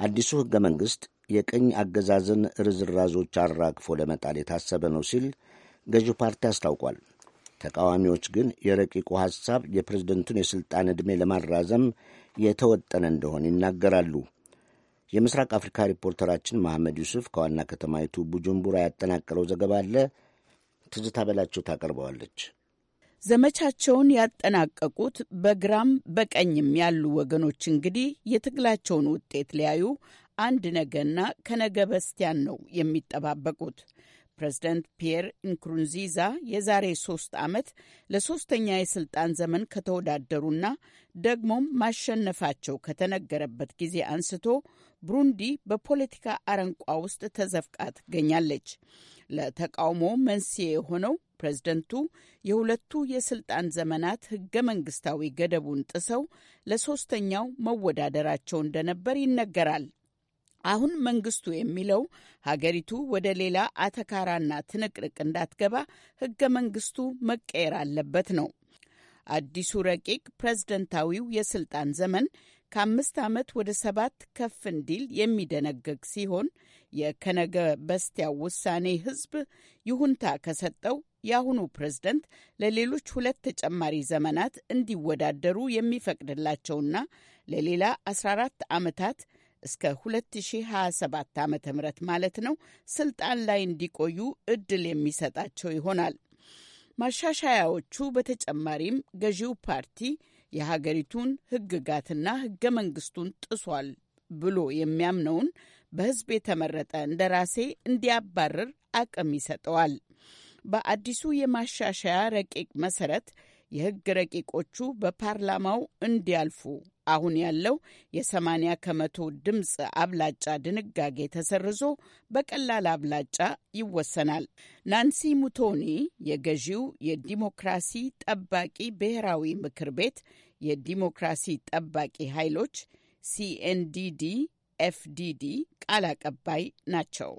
አዲሱ ሕገ መንግሥት የቅኝ አገዛዝን ርዝራዞች አራግፎ ለመጣል የታሰበ ነው ሲል ገዢው ፓርቲ አስታውቋል። ተቃዋሚዎች ግን የረቂቁ ሐሳብ የፕሬዝደንቱን የሥልጣን ዕድሜ ለማራዘም የተወጠነ እንደሆነ ይናገራሉ። የምስራቅ አፍሪካ ሪፖርተራችን መሐመድ ዩሱፍ ከዋና ከተማይቱ ቡጁምቡራ ያጠናቀረው ዘገባ አለ። ትዝታ በላቸው ታቀርበዋለች። ዘመቻቸውን ያጠናቀቁት በግራም በቀኝም ያሉ ወገኖች እንግዲህ የትግላቸውን ውጤት ሊያዩ አንድ ነገና ከነገ በስቲያን ነው የሚጠባበቁት። ፕሬዝደንት ፒየር ኢንክሩንዚዛ የዛሬ ሶስት ዓመት ለሶስተኛ የስልጣን ዘመን ከተወዳደሩና ደግሞም ማሸነፋቸው ከተነገረበት ጊዜ አንስቶ ብሩንዲ በፖለቲካ አረንቋ ውስጥ ተዘፍቃ ትገኛለች። ለተቃውሞ መንስኤ የሆነው ፕሬዝደንቱ የሁለቱ የስልጣን ዘመናት ህገ መንግስታዊ ገደቡን ጥሰው ለሶስተኛው መወዳደራቸው እንደነበር ይነገራል። አሁን መንግስቱ የሚለው ሀገሪቱ ወደ ሌላ አተካራና ትንቅንቅ እንዳትገባ ህገ መንግስቱ መቀየር አለበት ነው። አዲሱ ረቂቅ ፕሬዝደንታዊው የስልጣን ዘመን ከአምስት ዓመት ወደ ሰባት ከፍ እንዲል የሚደነግግ ሲሆን የከነገ በስቲያው ውሳኔ ህዝብ ይሁንታ ከሰጠው የአሁኑ ፕሬዝደንት ለሌሎች ሁለት ተጨማሪ ዘመናት እንዲወዳደሩ የሚፈቅድላቸውና ለሌላ 14 ዓመታት እስከ 2027 ዓ ም ማለት ነው ስልጣን ላይ እንዲቆዩ እድል የሚሰጣቸው ይሆናል። ማሻሻያዎቹ በተጨማሪም ገዢው ፓርቲ የሀገሪቱን ህግጋትና ህገ መንግስቱን ጥሷል ብሎ የሚያምነውን በህዝብ የተመረጠ እንደራሴ እንዲያባርር አቅም ይሰጠዋል። በአዲሱ የማሻሻያ ረቂቅ መሰረት የህግ ረቂቆቹ በፓርላማው እንዲያልፉ አሁን ያለው የ80 ከመቶ ድምፅ አብላጫ ድንጋጌ ተሰርዞ በቀላል አብላጫ ይወሰናል። ናንሲ ሙቶኒ የገዢው የዲሞክራሲ ጠባቂ ብሔራዊ ምክር ቤት የዲሞክራሲ ጠባቂ ኃይሎች ሲኤንዲዲ ኤፍዲዲ ቃል አቀባይ ናቸው።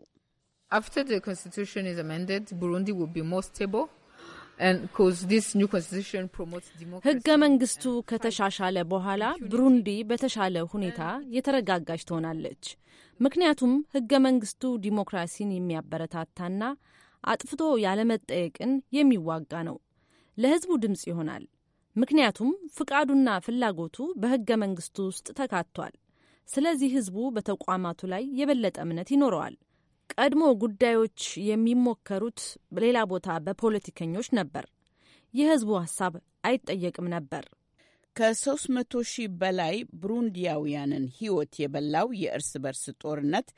After the constitution is amended, Burundi will be more stable. ህገ መንግስቱ ከተሻሻለ በኋላ ብሩንዲ በተሻለ ሁኔታ የተረጋጋች ትሆናለች። ምክንያቱም ህገ መንግስቱ ዲሞክራሲን የሚያበረታታና አጥፍቶ ያለመጠየቅን የሚዋጋ ነው። ለህዝቡ ድምፅ ይሆናል። ምክንያቱም ፍቃዱና ፍላጎቱ በህገ መንግስቱ ውስጥ ተካቷል። ስለዚህ ህዝቡ በተቋማቱ ላይ የበለጠ እምነት ይኖረዋል። ቀድሞ ጉዳዮች የሚሞከሩት ሌላ ቦታ በፖለቲከኞች ነበር። የህዝቡ ሀሳብ አይጠየቅም ነበር። ከ300 ሺህ በላይ ብሩንዲያውያንን ህይወት የበላው የእርስ በርስ ጦርነት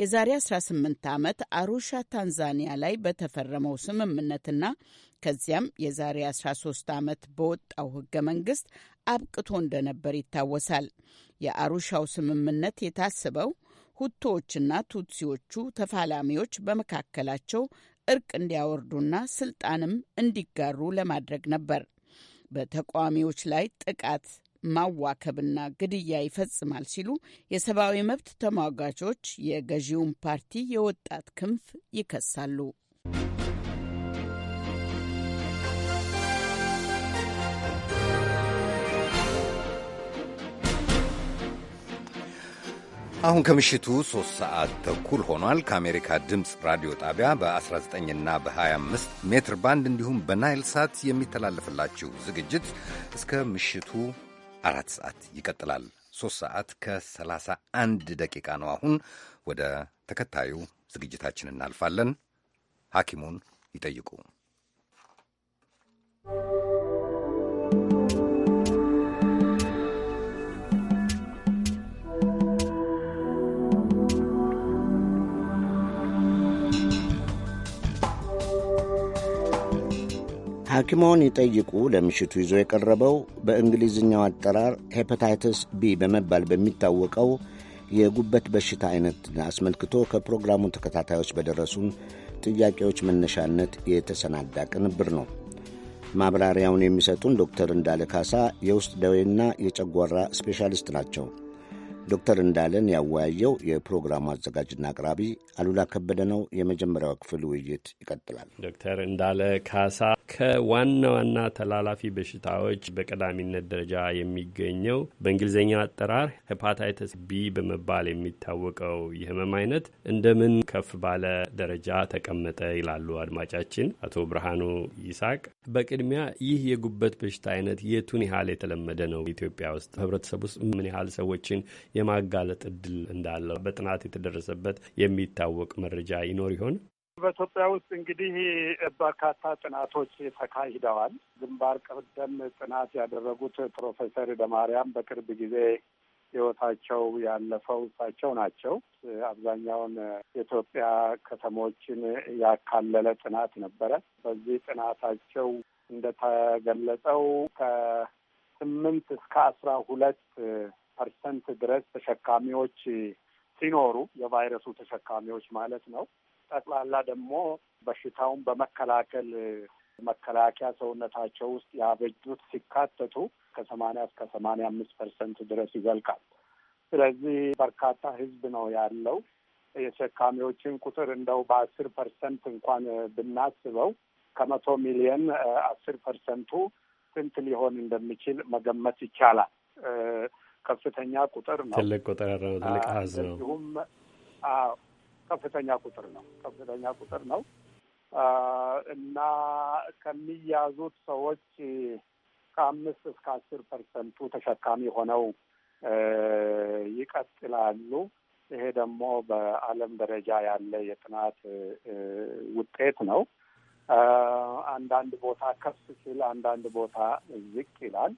የዛሬ 18 ዓመት አሩሻ ታንዛኒያ ላይ በተፈረመው ስምምነትና ከዚያም የዛሬ 13 ዓመት በወጣው ህገ መንግስት አብቅቶ እንደነበር ይታወሳል። የአሩሻው ስምምነት የታስበው ሁቶዎችና ቱትሲዎቹ ተፋላሚዎች በመካከላቸው እርቅ እንዲያወርዱና ስልጣንም እንዲጋሩ ለማድረግ ነበር። በተቃዋሚዎች ላይ ጥቃት ማዋከብና ግድያ ይፈጽማል ሲሉ የሰብአዊ መብት ተሟጋቾች የገዢውን ፓርቲ የወጣት ክንፍ ይከሳሉ። አሁን ከምሽቱ 3 ሰዓት ተኩል ሆኗል። ከአሜሪካ ድምፅ ራዲዮ ጣቢያ በ19 እና በ25 ሜትር ባንድ እንዲሁም በናይል ሳት የሚተላለፍላችሁ ዝግጅት እስከ ምሽቱ አራት ሰዓት ይቀጥላል። 3 ሰዓት ከ31 ደቂቃ ነው። አሁን ወደ ተከታዩ ዝግጅታችን እናልፋለን። ሐኪሙን ይጠይቁ። ሐኪሞን ይጠይቁ ለምሽቱ ይዞ የቀረበው በእንግሊዝኛው አጠራር ሄፐታይተስ ቢ በመባል በሚታወቀው የጉበት በሽታ አይነት አስመልክቶ ከፕሮግራሙ ተከታታዮች በደረሱን ጥያቄዎች መነሻነት የተሰናዳ ቅንብር ነው። ማብራሪያውን የሚሰጡን ዶክተር እንዳለ ካሳ የውስጥ ደዌና የጨጓራ ስፔሻሊስት ናቸው። ዶክተር እንዳለን ያወያየው የፕሮግራሙ አዘጋጅና አቅራቢ አሉላ ከበደ ነው። የመጀመሪያው ክፍል ውይይት ይቀጥላል። ዶክተር እንዳለ ካሳ ከዋና ዋና ተላላፊ በሽታዎች በቀዳሚነት ደረጃ የሚገኘው በእንግሊዝኛ አጠራር ሄፓታይተስ ቢ በመባል የሚታወቀው የህመም አይነት እንደምን ከፍ ባለ ደረጃ ተቀመጠ ይላሉ አድማጫችን አቶ ብርሃኑ ይስሐቅ። በቅድሚያ ይህ የጉበት በሽታ አይነት የቱን ያህል የተለመደ ነው? ኢትዮጵያ ውስጥ ህብረተሰብ ውስጥ ምን ያህል ሰዎችን የማጋለጥ እድል እንዳለው በጥናት የተደረሰበት የሚታወቅ መረጃ ይኖር ይሆን? በኢትዮጵያ ውስጥ እንግዲህ በርካታ ጥናቶች ተካሂደዋል። ግንባር ቀደም ጥናት ያደረጉት ፕሮፌሰር ደማርያም በቅርብ ጊዜ ሕይወታቸው ያለፈው እሳቸው ናቸው። አብዛኛውን የኢትዮጵያ ከተሞችን ያካለለ ጥናት ነበረ። በዚህ ጥናታቸው እንደተገለጸው ከስምንት እስከ አስራ ሁለት ፐርሰንት ድረስ ተሸካሚዎች ሲኖሩ የቫይረሱ ተሸካሚዎች ማለት ነው። ጠቅላላ ደግሞ በሽታውን በመከላከል መከላከያ ሰውነታቸው ውስጥ ያበጁት ሲካተቱ ከሰማንያ እስከ ሰማንያ አምስት ፐርሰንት ድረስ ይዘልቃል። ስለዚህ በርካታ ህዝብ ነው ያለው። የተሸካሚዎችን ቁጥር እንደው በአስር ፐርሰንት እንኳን ብናስበው ከመቶ ሚሊየን አስር ፐርሰንቱ ስንት ሊሆን እንደሚችል መገመት ይቻላል። ከፍተኛ ቁጥር ነው። ትልቅ ቁጥር ነው። ትልቅ ሀዝ ነው። እንዲሁም ከፍተኛ ቁጥር ነው። ከፍተኛ ቁጥር ነው እና ከሚያዙት ሰዎች ከአምስት እስከ አስር ፐርሰንቱ ተሸካሚ ሆነው ይቀጥላሉ። ይሄ ደግሞ በዓለም ደረጃ ያለ የጥናት ውጤት ነው። አንዳንድ ቦታ ከፍ ሲል፣ አንዳንድ ቦታ ዝቅ ይላል።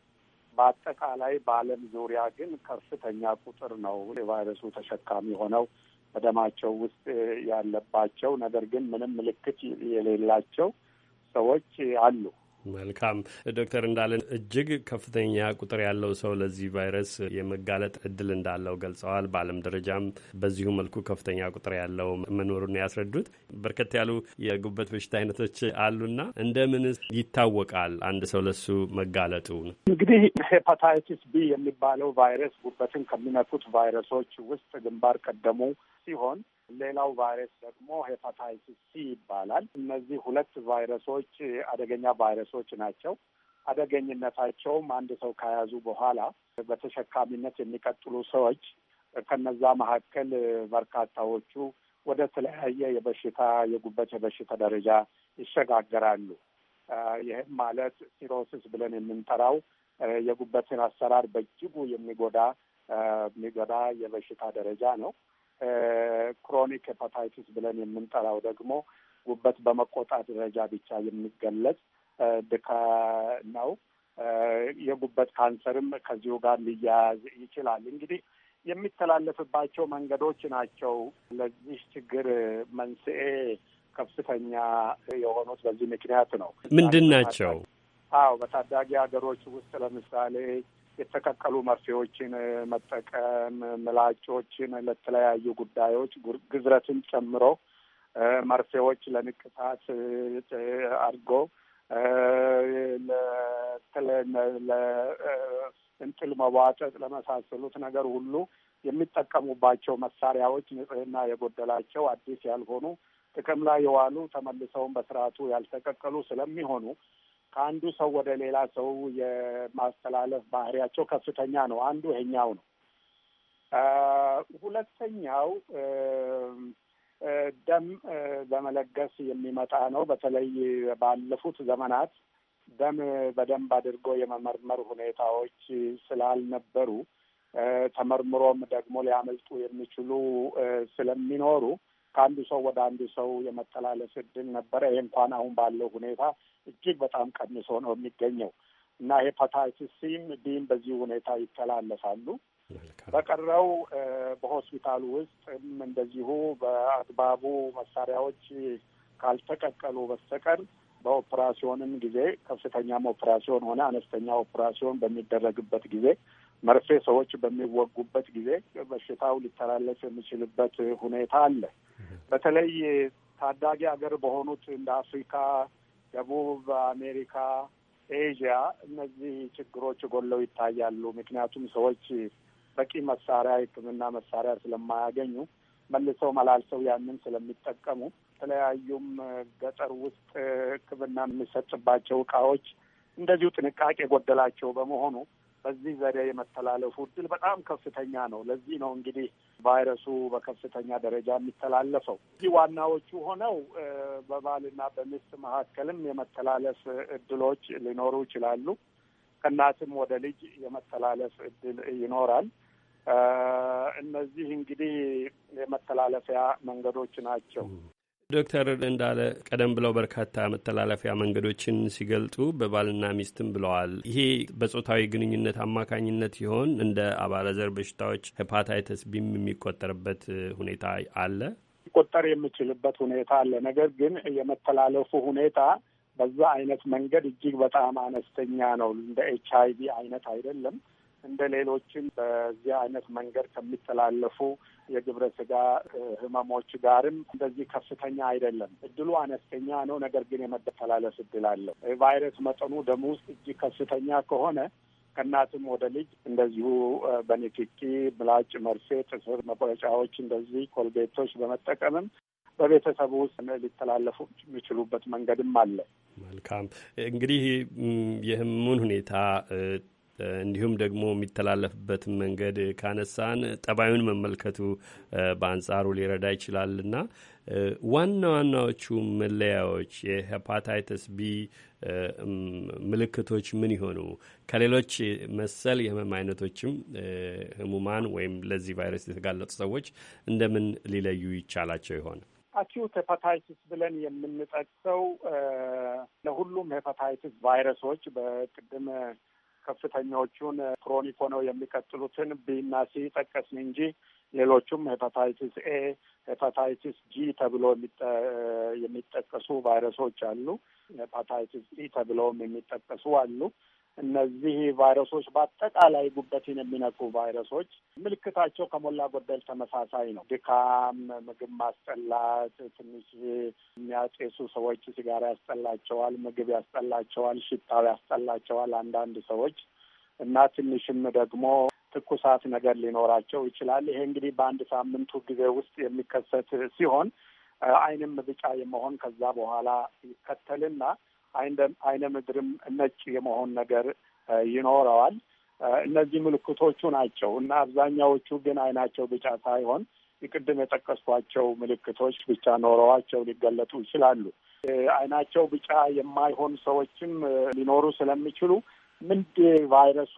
በአጠቃላይ በዓለም ዙሪያ ግን ከፍተኛ ቁጥር ነው የቫይረሱ ተሸካሚ ሆነው በደማቸው ውስጥ ያለባቸው ነገር ግን ምንም ምልክት የሌላቸው ሰዎች አሉ። መልካም ዶክተር እንዳለን እጅግ ከፍተኛ ቁጥር ያለው ሰው ለዚህ ቫይረስ የመጋለጥ እድል እንዳለው ገልጸዋል። በዓለም ደረጃም በዚሁ መልኩ ከፍተኛ ቁጥር ያለው መኖሩን ያስረዱት በርከት ያሉ የጉበት በሽታ አይነቶች አሉና እንደምን ይታወቃል አንድ ሰው ለሱ መጋለጡ? እንግዲህ ሄፓታይቲስ ቢ የሚባለው ቫይረስ ጉበትን ከሚነኩት ቫይረሶች ውስጥ ግንባር ቀደሙ ሲሆን ሌላው ቫይረስ ደግሞ ሄፓታይቲስ ሲ ይባላል። እነዚህ ሁለት ቫይረሶች አደገኛ ቫይረሶች ናቸው። አደገኝነታቸውም አንድ ሰው ከያዙ በኋላ በተሸካሚነት የሚቀጥሉ ሰዎች ከነዛ መካከል በርካታዎቹ ወደ ተለያየ የበሽታ የጉበት የበሽታ ደረጃ ይሸጋገራሉ። ይህም ማለት ሲሮሲስ ብለን የምንጠራው የጉበትን አሰራር በእጅጉ የሚጎዳ የሚጎዳ የበሽታ ደረጃ ነው። ክሮኒክ ሄፓታይቲስ ብለን የምንጠራው ደግሞ ጉበት በመቆጣት ደረጃ ብቻ የሚገለጽ ድካ ነው። የጉበት ካንሰርም ከዚሁ ጋር ሊያያዝ ይችላል። እንግዲህ የሚተላለፍባቸው መንገዶች ናቸው ለዚህ ችግር መንስኤ ከፍተኛ የሆኑት በዚህ ምክንያት ነው። ምንድን ናቸው? አዎ በታዳጊ ሀገሮች ውስጥ ለምሳሌ የተቀቀሉ መርፌዎችን መጠቀም፣ ምላጮችን ለተለያዩ ጉዳዮች ግዝረትን ጨምሮ መርፌዎች ለንቅሳት አድርጎ ለእንጥል መቧጠጥ ለመሳሰሉት ነገር ሁሉ የሚጠቀሙባቸው መሳሪያዎች ንጽህና የጎደላቸው አዲስ ያልሆኑ ጥቅም ላይ የዋሉ ተመልሰውን በስርዓቱ ያልተቀቀሉ ስለሚሆኑ ከአንዱ ሰው ወደ ሌላ ሰው የማስተላለፍ ባህሪያቸው ከፍተኛ ነው። አንዱ ይሄኛው ነው። ሁለተኛው ደም በመለገስ የሚመጣ ነው። በተለይ ባለፉት ዘመናት ደም በደንብ አድርጎ የመመርመር ሁኔታዎች ስላልነበሩ ተመርምሮም ደግሞ ሊያመልጡ የሚችሉ ስለሚኖሩ ከአንዱ ሰው ወደ አንዱ ሰው የመተላለፍ እድል ነበረ። ይህ እንኳን አሁን ባለው ሁኔታ እጅግ በጣም ቀንሶ ነው የሚገኘው እና ሄፓታይትስ ሲም ቢም በዚህ ሁኔታ ይተላለፋሉ። በቀረው በሆስፒታሉ ውስጥም እንደዚሁ በአግባቡ መሳሪያዎች ካልተቀቀሉ በስተቀር በኦፕራሲዮንም ጊዜ ከፍተኛም ኦፕራሲዮን ሆነ አነስተኛ ኦፕራሲዮን በሚደረግበት ጊዜ መርፌ ሰዎች በሚወጉበት ጊዜ በሽታው ሊተላለፍ የሚችልበት ሁኔታ አለ። በተለይ ታዳጊ ሀገር በሆኑት እንደ አፍሪካ ደቡብ አሜሪካ፣ ኤዥያ እነዚህ ችግሮች ጎለው ይታያሉ። ምክንያቱም ሰዎች በቂ መሳሪያ የሕክምና መሳሪያ ስለማያገኙ መልሰው መላልሰው ያንን ስለሚጠቀሙ የተለያዩም ገጠር ውስጥ ሕክምና የሚሰጥባቸው እቃዎች እንደዚሁ ጥንቃቄ ጎደላቸው በመሆኑ በዚህ ዘዴ የመተላለፉ እድል በጣም ከፍተኛ ነው። ለዚህ ነው እንግዲህ ቫይረሱ በከፍተኛ ደረጃ የሚተላለፈው። እዚህ ዋናዎቹ ሆነው በባልና በሚስት መካከልም የመተላለፍ እድሎች ሊኖሩ ይችላሉ። ከእናትም ወደ ልጅ የመተላለፍ እድል ይኖራል። እነዚህ እንግዲህ የመተላለፊያ መንገዶች ናቸው። ዶክተር እንዳለ ቀደም ብለው በርካታ መተላለፊያ መንገዶችን ሲገልጡ በባልና ሚስትም ብለዋል። ይሄ በጾታዊ ግንኙነት አማካኝነት ሲሆን እንደ አባለዘር በሽታዎች ሄፓታይተስ ቢም የሚቆጠርበት ሁኔታ አለ ሊቆጠር የምችልበት ሁኔታ አለ። ነገር ግን የመተላለፉ ሁኔታ በዛ አይነት መንገድ እጅግ በጣም አነስተኛ ነው። እንደ ኤች አይ ቪ አይነት አይደለም። እንደ ሌሎችም በዚህ አይነት መንገድ ከሚተላለፉ የግብረ ስጋ ህመሞች ጋርም እንደዚህ ከፍተኛ አይደለም። እድሉ አነስተኛ ነው፣ ነገር ግን የመተላለፍ እድል አለው። የቫይረስ መጠኑ ደም ውስጥ እጅግ ከፍተኛ ከሆነ ከእናትም ወደ ልጅ እንደዚሁ በንክኪ ምላጭ፣ መርፌ፣ ጥፍር መቁረጫዎች፣ እንደዚህ ኮልጌቶች በመጠቀምም በቤተሰቡ ውስጥ ሊተላለፉ የሚችሉበት መንገድም አለ። መልካም እንግዲህ የህሙን ሁኔታ እንዲሁም ደግሞ የሚተላለፍበትን መንገድ ካነሳን ጠባዩን መመልከቱ በአንጻሩ ሊረዳ ይችላልና ዋና ዋናዎቹ መለያዎች የሄፓታይተስ ቢ ምልክቶች ምን ይሆኑ? ከሌሎች መሰል የህመም አይነቶችም ህሙማን ወይም ለዚህ ቫይረስ የተጋለጡ ሰዎች እንደምን ሊለዩ ይቻላቸው ይሆን? አኪዩት ሄፓታይትስ ብለን የምንጠቅሰው ለሁሉም ሄፓታይትስ ቫይረሶች በቅድም ከፍተኛዎቹን ክሮኒክ ሆነው የሚቀጥሉትን ቢና ሲ ጠቀስን እንጂ ሌሎቹም ሄፓታይቲስ ኤ፣ ሄፓታይቲስ ጂ ተብሎ የሚጠቀሱ ቫይረሶች አሉ። ሄፓታይቲስ ኢ ተብለውም የሚጠቀሱ አሉ። እነዚህ ቫይረሶች በአጠቃላይ ጉበትን የሚነኩ ቫይረሶች ምልክታቸው ከሞላ ጎደል ተመሳሳይ ነው። ድካም፣ ምግብ ማስጠላት፣ ትንሽ የሚያጤሱ ሰዎች ሲጋራ ያስጠላቸዋል፣ ምግብ ያስጠላቸዋል፣ ሽታው ያስጠላቸዋል አንዳንድ ሰዎች እና ትንሽም ደግሞ ትኩሳት ነገር ሊኖራቸው ይችላል። ይሄ እንግዲህ በአንድ ሳምንቱ ጊዜ ውስጥ የሚከሰት ሲሆን አይንም ብጫ የመሆን ከዛ በኋላ ይከተልና አይነ ምድርም ነጭ የመሆን ነገር ይኖረዋል። እነዚህ ምልክቶቹ ናቸው እና አብዛኛዎቹ ግን አይናቸው ቢጫ ሳይሆን የቅድም የጠቀስኳቸው ምልክቶች ብቻ ኖረዋቸው ሊገለጡ ይችላሉ። አይናቸው ቢጫ የማይሆን ሰዎችም ሊኖሩ ስለሚችሉ ምንድ ቫይረሱ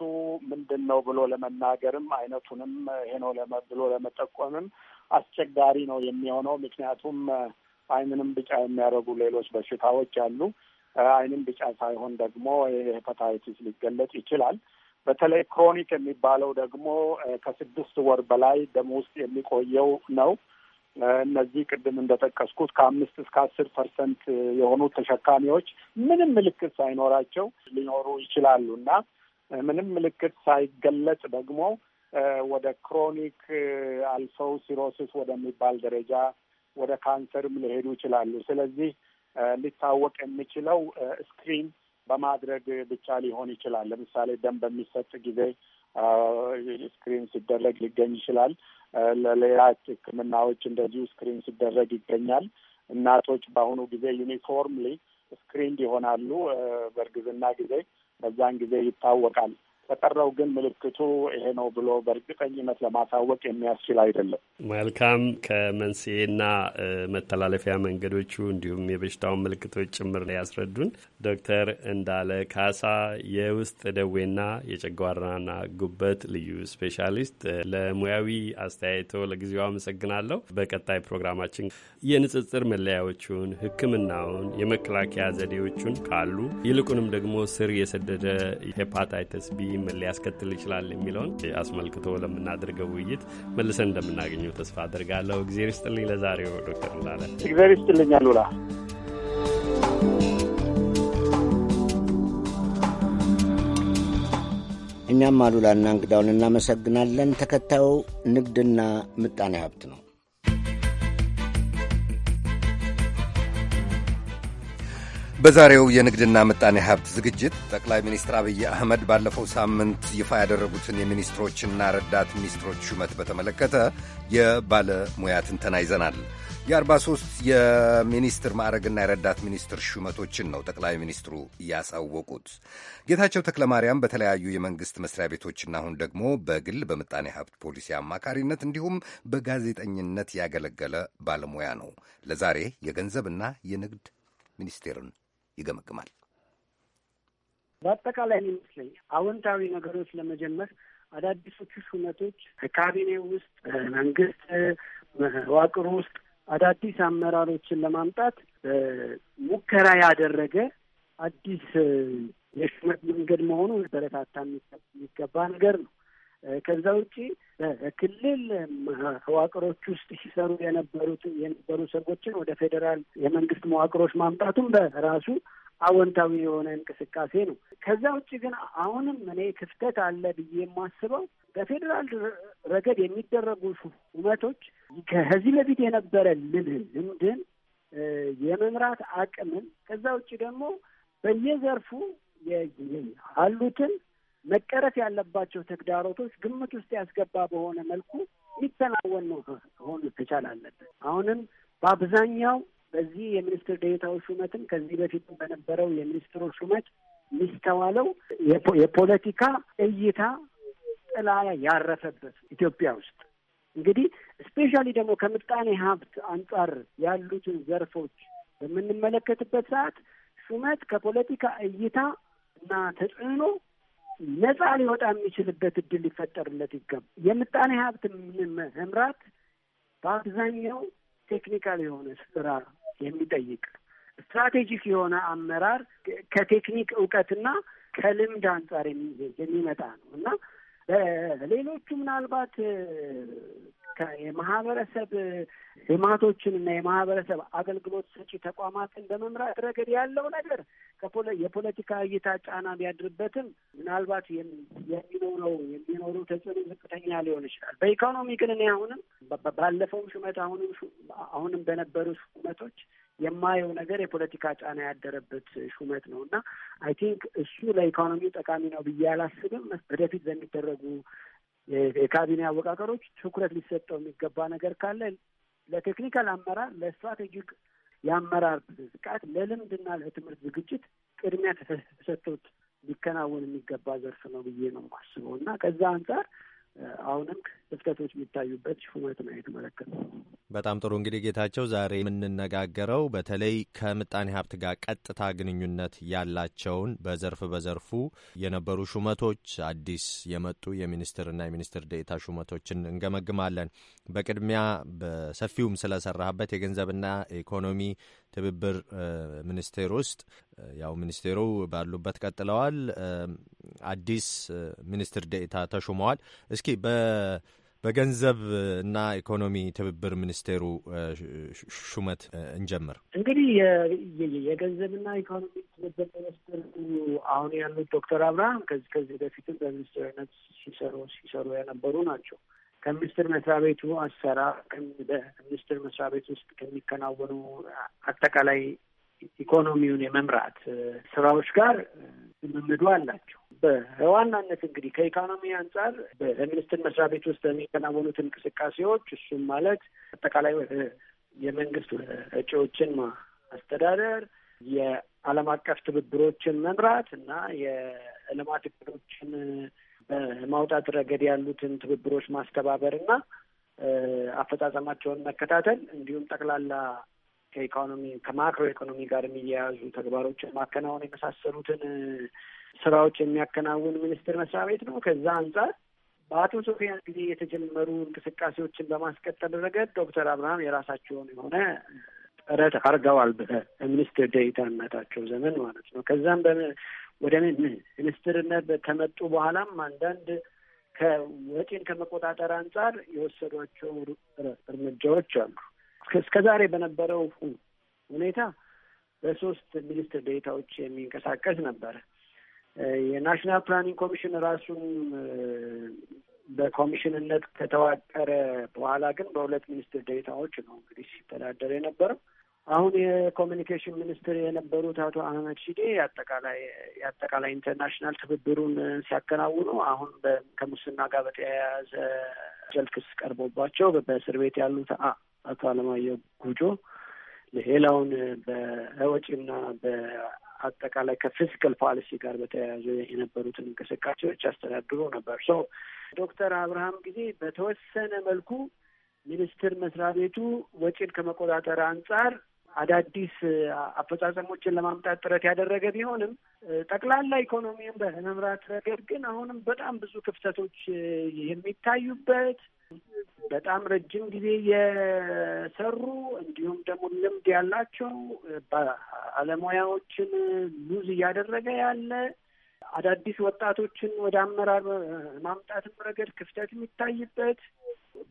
ምንድን ነው ብሎ ለመናገርም አይነቱንም ይሄ ነው ብሎ ለመጠቆምም አስቸጋሪ ነው የሚሆነው። ምክንያቱም አይንንም ቢጫ የሚያደርጉ ሌሎች በሽታዎች አሉ። አይንም ቢጫ ሳይሆን ደግሞ ሄፓታይቲስ ሊገለጽ ይችላል። በተለይ ክሮኒክ የሚባለው ደግሞ ከስድስት ወር በላይ ደም ውስጥ የሚቆየው ነው። እነዚህ ቅድም እንደጠቀስኩት ከአምስት እስከ አስር ፐርሰንት የሆኑ ተሸካሚዎች ምንም ምልክት ሳይኖራቸው ሊኖሩ ይችላሉ እና ምንም ምልክት ሳይገለጽ ደግሞ ወደ ክሮኒክ አልፈው ሲሮሲስ ወደሚባል ደረጃ ወደ ካንሰርም ሊሄዱ ይችላሉ። ስለዚህ ሊታወቅ የሚችለው ስክሪን በማድረግ ብቻ ሊሆን ይችላል። ለምሳሌ ደም በሚሰጥ ጊዜ ስክሪን ሲደረግ ሊገኝ ይችላል። ለሌላ ሕክምናዎች እንደዚሁ ስክሪን ሲደረግ ይገኛል። እናቶች በአሁኑ ጊዜ ዩኒፎርምሊ ስክሪንድ ይሆናሉ በእርግዝና ጊዜ፣ በዛን ጊዜ ይታወቃል። በቀረው ግን ምልክቱ ይሄ ነው ብሎ በእርግጠኝነት ለማሳወቅ የሚያስችል አይደለም። መልካም። ከመንስኤና መተላለፊያ መንገዶቹ እንዲሁም የበሽታውን ምልክቶች ጭምር ያስረዱን ዶክተር እንዳለ ካሳ የውስጥ ደዌና የጨጓራና ጉበት ልዩ ስፔሻሊስት፣ ለሙያዊ አስተያየቶ ለጊዜው አመሰግናለሁ። በቀጣይ ፕሮግራማችን የንጽጽር መለያዎቹን፣ ሕክምናውን፣ የመከላከያ ዘዴዎቹን ካሉ ይልቁንም ደግሞ ስር የሰደደ ሄፓታይተስ ቢ ምን ሊያስከትል ይችላል የሚለውን አስመልክቶ ለምናደርገው ውይይት መልሰን እንደምናገኘው ተስፋ አድርጋለሁ። እግዜር ይስጥልኝ። ለዛሬው ዶክተር እንዳለ እግዜር ይስጥልኝ አሉላ። እኛም አሉላና እንግዳውን እናመሰግናለን። ተከታዩ ንግድና ምጣኔ ሀብት ነው። በዛሬው የንግድና ምጣኔ ሀብት ዝግጅት ጠቅላይ ሚኒስትር አብይ አህመድ ባለፈው ሳምንት ይፋ ያደረጉትን የሚኒስትሮችና ረዳት ሚኒስትሮች ሹመት በተመለከተ የባለሙያ ትንተና ይዘናል። የአርባ የሚኒስትር ማዕረግና የረዳት ሚኒስትር ሹመቶችን ነው ጠቅላይ ሚኒስትሩ ያሳወቁት። ጌታቸው ተክለማርያም በተለያዩ የመንግሥት መስሪያ ቤቶችና አሁን ደግሞ በግል በምጣኔ ሀብት ፖሊሲ አማካሪነት እንዲሁም በጋዜጠኝነት ያገለገለ ባለሙያ ነው። ለዛሬ የገንዘብና የንግድ ሚኒስቴርን ይገመግማል። በአጠቃላይ ይመስለኝ አዎንታዊ ነገሮች ለመጀመር አዳዲሶቹ ሹመቶች ከካቢኔ ውስጥ መንግስት መዋቅር ውስጥ አዳዲስ አመራሮችን ለማምጣት ሙከራ ያደረገ አዲስ የሹመት መንገድ መሆኑ በረታታ የሚገባ ነገር ነው። ከዛ ውጪ በክልል መዋቅሮች ውስጥ ሲሰሩ የነበሩት የነበሩ ሰዎችን ወደ ፌዴራል የመንግስት መዋቅሮች ማምጣቱም በራሱ አወንታዊ የሆነ እንቅስቃሴ ነው። ከዛ ውጭ ግን አሁንም እኔ ክፍተት አለ ብዬ የማስበው በፌዴራል ረገድ የሚደረጉ ሹመቶች ከዚህ በፊት የነበረ ልምድን ልምድን የመምራት አቅምን ከዛ ውጭ ደግሞ በየዘርፉ አሉትን መቀረፍ ያለባቸው ተግዳሮቶች ግምት ውስጥ ያስገባ በሆነ መልኩ የሚተናወን ነው ሆኑ ተቻል አለበት። አሁንም በአብዛኛው በዚህ የሚኒስትር ዴኤታው ሹመትም ከዚህ በፊት በነበረው የሚኒስትሮች ሹመት የሚስተዋለው የፖለቲካ እይታ ጥላ ያረፈበት ኢትዮጵያ ውስጥ እንግዲህ ስፔሻሊ ደግሞ ከምጣኔ ሀብት አንጻር ያሉትን ዘርፎች በምንመለከትበት ሰዓት ሹመት ከፖለቲካ እይታ እና ተጽዕኖ ነጻ ሊወጣ የሚችልበት እድል ሊፈጠርለት ይገባል። የምጣኔ ሀብት መምራት በአብዛኛው ቴክኒካል የሆነ ስራ የሚጠይቅ ስትራቴጂክ የሆነ አመራር ከቴክኒክ እውቀትና ከልምድ አንጻር የሚመጣ ነው እና ሌሎቹ ምናልባት የማህበረሰብ ልማቶችን እና የማህበረሰብ አገልግሎት ሰጪ ተቋማትን በመምራት ረገድ ያለው ነገር የፖለቲካ እይታ ጫና ቢያድርበትም ምናልባት የሚኖረው የሚኖሩ ተጽዕኖ ዝቅተኛ ሊሆን ይችላል። በኢኮኖሚ ግን እኔ አሁንም ባለፈው ሹመት አሁንም አሁንም በነበሩ ሹመቶች የማየው ነገር የፖለቲካ ጫና ያደረበት ሹመት ነው እና አይ ቲንክ እሱ ለኢኮኖሚው ጠቃሚ ነው ብዬ አላስብም። ወደፊት በሚደረጉ የካቢኔ አወቃቀሮች ትኩረት ሊሰጠው የሚገባ ነገር ካለ ለቴክኒካል አመራር፣ ለስትራቴጂክ የአመራር ብቃት፣ ለልምድና ለትምህርት ዝግጅት ቅድሚያ ተሰጥቶት ሊከናወን የሚገባ ዘርፍ ነው ብዬ ነው የማስበው እና ከዛ አንጻር አሁንም ክፍተቶች የሚታዩበት ሹመት ነው የተመለከተው። በጣም ጥሩ እንግዲህ ጌታቸው፣ ዛሬ የምንነጋገረው በተለይ ከምጣኔ ሀብት ጋር ቀጥታ ግንኙነት ያላቸውን በዘርፍ በዘርፉ የነበሩ ሹመቶች፣ አዲስ የመጡ የሚኒስትርና የሚኒስትር ዴኤታ ሹመቶችን እንገመግማለን። በቅድሚያ በሰፊውም ስለሰራህበት የገንዘብና ኢኮኖሚ ትብብር ሚኒስቴር ውስጥ ያው ሚኒስቴሩ ባሉበት ቀጥለዋል። አዲስ ሚኒስትር ዴኤታ ተሹመዋል። እስኪ በገንዘብ እና ኢኮኖሚ ትብብር ሚኒስቴሩ ሹመት እንጀምር። እንግዲህ የገንዘብና ኢኮኖሚ ትብብር ሚኒስትር አሁን ያሉት ዶክተር አብርሃም ከዚህ ከዚህ በፊትም በሚኒስትርነት ሲሰሩ ሲሰሩ የነበሩ ናቸው። ከሚኒስትር መስሪያ ቤቱ አሰራር በሚኒስትር መስሪያ ቤት ውስጥ ከሚከናወኑ አጠቃላይ ኢኮኖሚውን የመምራት ስራዎች ጋር ልምምዱ አላቸው። በዋናነት እንግዲህ ከኢኮኖሚ አንጻር በሚኒስቴር መስሪያ ቤት ውስጥ የሚከናወኑት እንቅስቃሴዎች እሱም ማለት አጠቃላይ የመንግስት እጪዎችን ማስተዳደር፣ የዓለም አቀፍ ትብብሮችን መምራት እና የልማት እቅዶችን በማውጣት ረገድ ያሉትን ትብብሮች ማስተባበር እና አፈጻጸማቸውን መከታተል እንዲሁም ጠቅላላ ከኢኮኖሚ ከማክሮ ኢኮኖሚ ጋር የሚያያዙ ተግባሮችን ማከናወን የመሳሰሉትን ስራዎች የሚያከናውን ሚኒስቴር መስሪያ ቤት ነው። ከዛ አንጻር በአቶ ሶፊያ ጊዜ የተጀመሩ እንቅስቃሴዎችን በማስቀጠል ረገድ ዶክተር አብርሃም የራሳቸውን የሆነ ጥረት አድርገዋል። በሚኒስትር ዴኤታነታቸው ዘመን ማለት ነው። ከዛም ወደ ሚኒስትርነት ከመጡ በኋላም አንዳንድ ከወጪን ከመቆጣጠር አንጻር የወሰዷቸው እርምጃዎች አሉ። እስከ ዛሬ በነበረው ሁኔታ በሶስት ሚኒስትር ዴታዎች የሚንቀሳቀስ ነበረ። የናሽናል ፕላኒንግ ኮሚሽን ራሱን በኮሚሽንነት ከተዋቀረ በኋላ ግን በሁለት ሚኒስትር ዴታዎች ነው እንግዲህ ሲተዳደር የነበረው። አሁን የኮሚኒኬሽን ሚኒስትር የነበሩት አቶ አህመድ ሺዴ አጠቃላይ የአጠቃላይ ኢንተርናሽናል ትብብሩን ሲያከናውኑ አሁን ከሙስና ጋር በተያያዘ ጀልክስ ክስ ቀርቦባቸው በእስር ቤት ያሉት አቶ አለማየሁ ጉጆ ሌላውን በወጪና በአጠቃላይ ከፊስካል ፖሊሲ ጋር በተያያዙ የነበሩትን እንቅስቃሴዎች ያስተዳድሩ ነበር። ሰው ዶክተር አብርሃም ጊዜ በተወሰነ መልኩ ሚኒስትር መስሪያ ቤቱ ወጪን ከመቆጣጠር አንጻር አዳዲስ አፈጻጸሞችን ለማምጣት ጥረት ያደረገ ቢሆንም ጠቅላላ ኢኮኖሚውን በመምራት ረገድ ግን አሁንም በጣም ብዙ ክፍተቶች የሚታዩበት በጣም ረጅም ጊዜ የሰሩ እንዲሁም ደግሞ ልምድ ያላቸው ባለሙያዎችን ሉዝ እያደረገ ያለ አዳዲስ ወጣቶችን ወደ አመራር ማምጣትም ረገድ ክፍተት የሚታይበት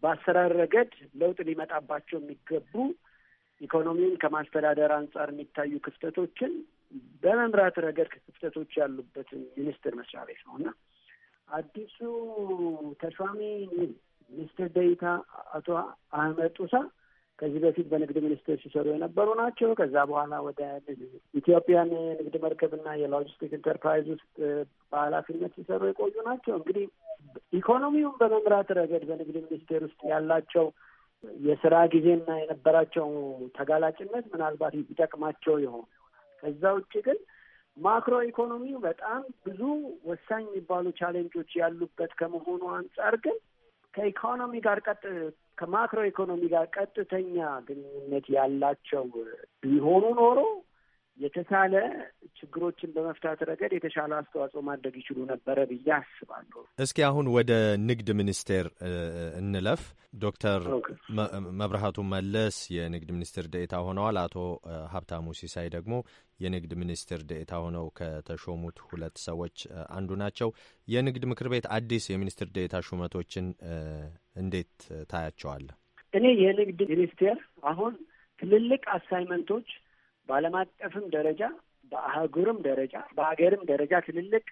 በአሰራር ረገድ ለውጥ ሊመጣባቸው የሚገቡ ኢኮኖሚውን ከማስተዳደር አንጻር የሚታዩ ክፍተቶችን በመምራት ረገድ ክፍተቶች ያሉበትን ሚኒስትር መስሪያ ቤት ነው እና አዲሱ ተሿሚ ሚኒስትር ደይታ አቶ አህመድ ጡሳ ከዚህ በፊት በንግድ ሚኒስቴር ሲሰሩ የነበሩ ናቸው። ከዛ በኋላ ወደ ኢትዮጵያን የንግድ መርከብና የሎጂስቲክ ኢንተርፕራይዝ ውስጥ በኃላፊነት ሲሰሩ የቆዩ ናቸው። እንግዲህ ኢኮኖሚውን በመምራት ረገድ በንግድ ሚኒስቴር ውስጥ ያላቸው የስራ ጊዜና የነበራቸው ተጋላጭነት ምናልባት ይጠቅማቸው ይሆን። ከዛ ውጭ ግን ማክሮ ኢኮኖሚው በጣም ብዙ ወሳኝ የሚባሉ ቻሌንጆች ያሉበት ከመሆኑ አንጻር ግን ከኢኮኖሚ ጋር ቀጥ ከማክሮ ኢኮኖሚ ጋር ቀጥተኛ ግንኙነት ያላቸው ቢሆኑ ኖሮ የተሻለ ችግሮችን በመፍታት ረገድ የተሻለ አስተዋጽኦ ማድረግ ይችሉ ነበረ ብዬ አስባለሁ። እስኪ አሁን ወደ ንግድ ሚኒስቴር እንለፍ። ዶክተር መብርሃቱ መለስ የንግድ ሚኒስትር ደኤታ ሆነዋል። አቶ ሀብታሙ ሲሳይ ደግሞ የንግድ ሚኒስትር ደኤታ ሆነው ከተሾሙት ሁለት ሰዎች አንዱ ናቸው። የንግድ ምክር ቤት አዲስ የሚኒስትር ደኤታ ሹመቶችን እንዴት ታያቸዋለህ? እኔ የንግድ ሚኒስቴር አሁን ትልልቅ አሳይመንቶች በዓለም አቀፍም ደረጃ በአህጉርም ደረጃ በሀገርም ደረጃ ትልልቅ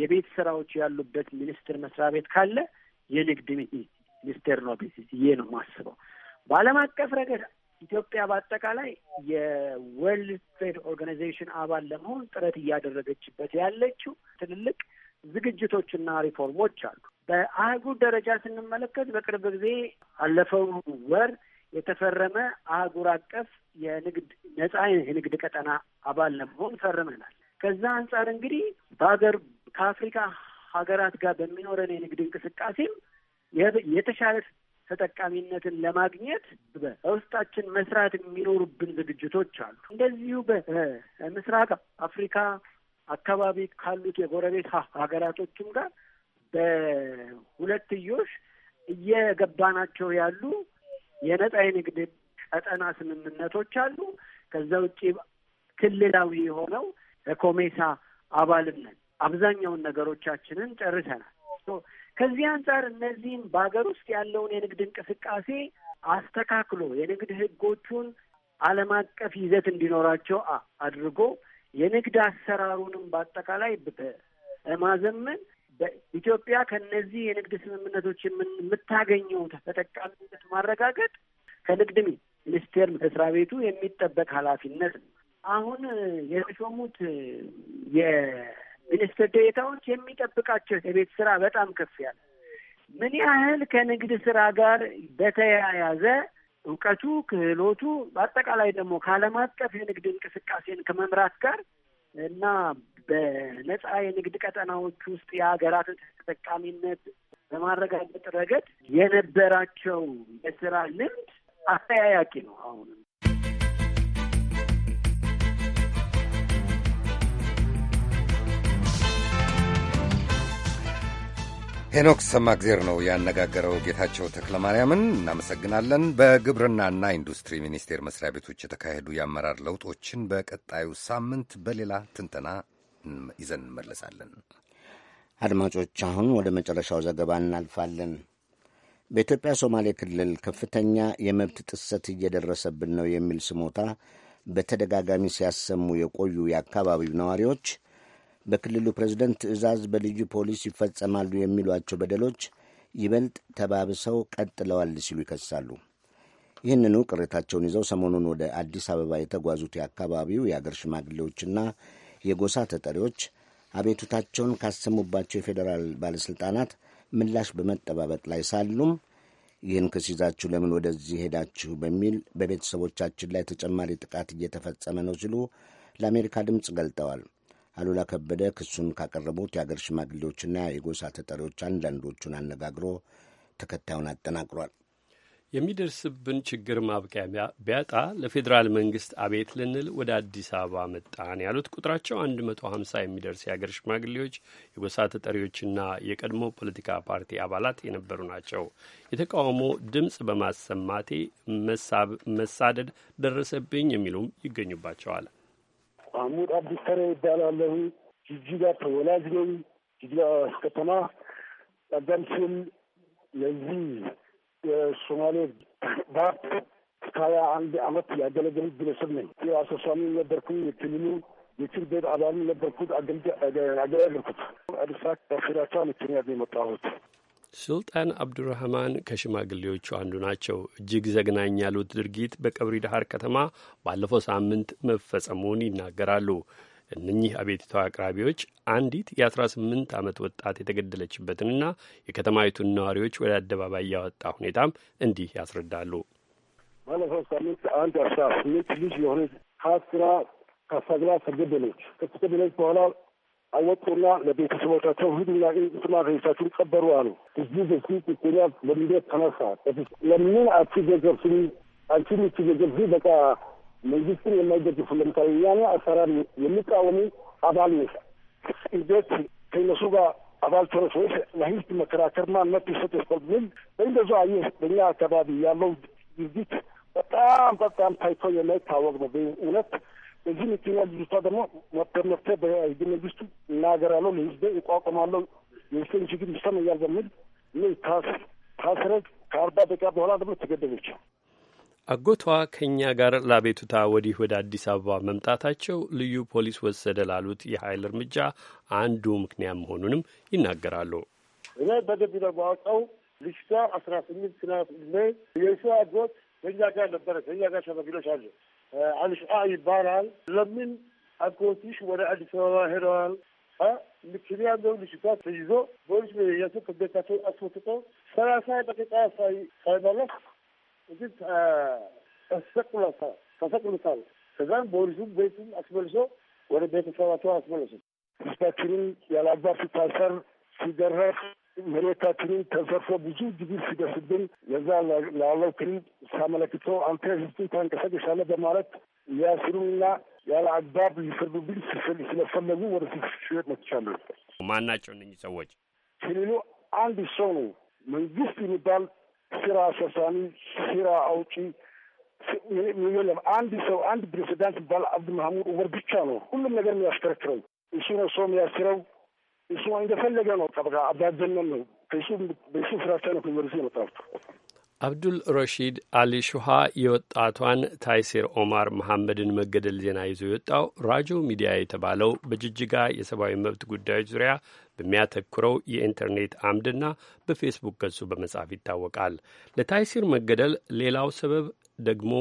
የቤት ስራዎች ያሉበት ሚኒስቴር መስሪያ ቤት ካለ የንግድ ሚኒስቴር ነው ቢሲሲዬ ነው የማስበው። በዓለም አቀፍ ረገድ ኢትዮጵያ በአጠቃላይ የወርልድ ትሬድ ኦርጋናይዜሽን አባል ለመሆን ጥረት እያደረገችበት ያለችው ትልልቅ ዝግጅቶችና ሪፎርሞች አሉ። በአህጉር ደረጃ ስንመለከት በቅርብ ጊዜ አለፈው ወር የተፈረመ አህጉር አቀፍ የንግድ ነጻ የንግድ ቀጠና አባል ለመሆን ፈርመናል። ከዛ አንጻር እንግዲህ በሀገር ከአፍሪካ ሀገራት ጋር በሚኖረን የንግድ እንቅስቃሴም የተሻለ ተጠቃሚነትን ለማግኘት በውስጣችን መስራት የሚኖሩብን ዝግጅቶች አሉ። እንደዚሁ በምስራቅ አፍሪካ አካባቢ ካሉት የጎረቤት ሀገራቶችም ጋር በሁለትዮሽ እየገባናቸው ያሉ የነጻ የንግድ ቀጠና ስምምነቶች አሉ። ከዛ ውጭ ክልላዊ የሆነው ኮሜሳ ነን። አብዛኛውን ነገሮቻችንን ጨርሰናል። ከዚህ አንጻር እነዚህም በሀገር ውስጥ ያለውን የንግድ እንቅስቃሴ አስተካክሎ የንግድ ህጎቹን ዓለም አቀፍ ይዘት እንዲኖራቸው አድርጎ የንግድ አሰራሩንም በአጠቃላይ በማዘመን በኢትዮጵያ ከነዚህ የንግድ ስምምነቶች የምታገኘው ተጠቃሚነት ማረጋገጥ ከንግድ ሚኒስቴር መስሪያ ቤቱ የሚጠበቅ ኃላፊነት ነው። አሁን የተሾሙት የሚኒስትር ዴኤታዎች የሚጠብቃቸው የቤት ስራ በጣም ከፍ ያለ ምን ያህል ከንግድ ስራ ጋር በተያያዘ እውቀቱ፣ ክህሎቱ በአጠቃላይ ደግሞ ከዓለም አቀፍ የንግድ እንቅስቃሴን ከመምራት ጋር እና በነጻ የንግድ ቀጠናዎች ውስጥ የሀገራትን ተጠቃሚነት በማረጋገጥ ረገድ የነበራቸው የስራ ልምድ አስተያያቂ ነው። አሁንም ሄኖክ ሰማግዜር ነው ያነጋገረው። ጌታቸው ተክለ ማርያምን እናመሰግናለን። በግብርናና ኢንዱስትሪ ሚኒስቴር መስሪያ ቤቶች የተካሄዱ የአመራር ለውጦችን በቀጣዩ ሳምንት በሌላ ትንተና ይዘን እንመለሳለን። አድማጮች፣ አሁን ወደ መጨረሻው ዘገባ እናልፋለን። በኢትዮጵያ ሶማሌ ክልል ከፍተኛ የመብት ጥሰት እየደረሰብን ነው የሚል ስሞታ በተደጋጋሚ ሲያሰሙ የቆዩ የአካባቢው ነዋሪዎች በክልሉ ፕሬዝደንት ትዕዛዝ በልዩ ፖሊስ ይፈጸማሉ የሚሏቸው በደሎች ይበልጥ ተባብሰው ቀጥለዋል ሲሉ ይከሳሉ። ይህንኑ ቅሬታቸውን ይዘው ሰሞኑን ወደ አዲስ አበባ የተጓዙት የአካባቢው የአገር ሽማግሌዎችና የጎሳ ተጠሪዎች አቤቱታቸውን ካሰሙባቸው የፌዴራል ባለሥልጣናት ምላሽ በመጠባበቅ ላይ ሳሉም ይህን ክስ ይዛችሁ ለምን ወደዚህ ሄዳችሁ በሚል በቤተሰቦቻችን ላይ ተጨማሪ ጥቃት እየተፈጸመ ነው ሲሉ ለአሜሪካ ድምፅ ገልጠዋል። አሉላ ከበደ ክሱን ካቀረቡት የአገር ሽማግሌዎችና የጎሳ ተጠሪዎች አንዳንዶቹን አነጋግሮ ተከታዩን አጠናቅሯል። የሚደርስብን ችግር ማብቂያ ቢያጣ ለፌዴራል መንግስት አቤት ልንል ወደ አዲስ አበባ መጣን ያሉት ቁጥራቸው 150 የሚደርስ የሀገር ሽማግሌዎች የጎሳ ተጠሪዎችና የቀድሞ ፖለቲካ ፓርቲ አባላት የነበሩ ናቸው። የተቃውሞ ድምፅ በማሰማቴ መሳደድ ደረሰብኝ የሚሉም ይገኙባቸዋል። ማህሙድ አዲስ ተረ ይባላለሁ። ጅጅጋ ተወላጅ ነኝ። ጅጅጋ ከተማ ቀደም ሲል ለዚህ የሶማሌ ባህር ከሀያ አንድ አመት ያገለገልኩ ግለሰብ ነኝ። አሰብሳሚ ነበርኩኝ። የክልሉ የክል ቤት አባል ነበርኩት። አገለገልኩት። አዲስ ፍራቻ ምክንያት የመጣሁት ሱልጣን አብዱራህማን ከሽማግሌዎቹ አንዱ ናቸው። እጅግ ዘግናኝ ያሉት ድርጊት በቀብሪ ዳሀር ከተማ ባለፈው ሳምንት መፈጸሙን ይናገራሉ። እነኚህ አቤቱታ አቅራቢዎች አንዲት የ18 ዓመት ወጣት የተገደለችበትንና የከተማይቱን ነዋሪዎች ወደ አደባባይ ያወጣ ሁኔታም እንዲህ ያስረዳሉ። ባለፈው ሳምንት አንድ አስራ ስምንት ልጅ የሆነች ከአስራ ከሰግላ ተገደለች። ከተገደለች በኋላ አወጡና ለቤተሰቦቻቸው ስማ ስማሬቻችሁን ቀበሩ አሉ። እዚህ በዚህ ጥቁኛ በሚዲያ ተነሳ። ለምን አቺ ገንዘብ ስሚ አንቺ ምቺ ገንዘብ በቃ መንግስትን የማይደግፉ ለምሳሌ ያኔ አሰራር የሚቃወሙ አባል ነሽ እንዴት ከነሱ ጋር አባል ተረሶ ለህዝብ መከራከርና መብት ይሰጥ ይስል ብል እንደዛ አየ በእኛ አካባቢ ያለው ድርጊት በጣም በጣም ታይቶ የማይታወቅ ነው እውነት። በዚህ ምክንያት ልጅቷ ደግሞ መብት መብት በህግ መንግስቱ እናገራለሁ፣ ለህዝቤ ይቋቋማለሁ፣ የህዝብን ችግር ይሰማኛል በሚል ታስረች ከአርባ ደቂቃ በኋላ ደግሞ ተገደለች። አጎቷ ከእኛ ጋር ለአቤቱታ ወዲህ ወደ አዲስ አበባ መምጣታቸው ልዩ ፖሊስ ወሰደ ላሉት የኃይል እርምጃ አንዱ ምክንያት መሆኑንም ይናገራሉ። እኔ በደንብ ነው የማውቀው። ልጅቷ አስራ ስምንት ስና እድሜ የሱ አጎት ከእኛ ጋር ነበረ። ከእኛ ጋር ሸማግሎች አለ አልሽአ ይባላል። ለምን አጎትሽ ወደ አዲስ አበባ ሄደዋል? ምክንያት ነው ልጅቷ ተይዞ ፖሊስ የሱ ከቤታቸው አስወጥቶ ሰላሳ ደቂቃ ሳይመለስ ተሰቅሉታል። ከዛም በወሪሱም ቤቱም አስመልሶ ወደ ቤተሰባቸው አስመለሱ። ሚስታችንን ያለአባት ሲታሰር መሬታችንን ተዘርፎ ብዙ ችግር ሲደርስብን የዛ ላለው ክልል ሳመለክቶ አንተ ህዝብን ታንቀሳቀሻለህ በማለት ሊያስሩና ያለ አግባብ ስለፈለጉ ወደ ሽወጥ መጥቻለሁ። ማናቸው እነኚህ ሰዎች? ክልሉ አንድ ሰው ነው መንግስት የሚባል ስራ አስፈጻሚ፣ ስራ አውጪ የለም። አንድ ሰው አንድ ፕሬዚዳንት ባል አብድ ማህሙድ ዑመር ብቻ ነው ሁሉም ነገር የሚያሽከረክረው። እሱ ነው ሰው የሚያስረው። እሱ እንደፈለገ ነው። ጠበቃ አባጀነን ነው። በሱ ፍራቻ ነው ዩኒቨርሲቲ የመጣሁት። አብዱል ረሺድ አሊ ሹሃ የወጣቷን ታይሴር ኦማር መሐመድን መገደል ዜና ይዞ የወጣው ራጆ ሚዲያ የተባለው በጅጅጋ የሰብአዊ መብት ጉዳዮች ዙሪያ በሚያተኩረው የኢንተርኔት አምድና በፌስቡክ ገጹ በመጻፍ ይታወቃል። ለታይሲር መገደል ሌላው ሰበብ ደግሞ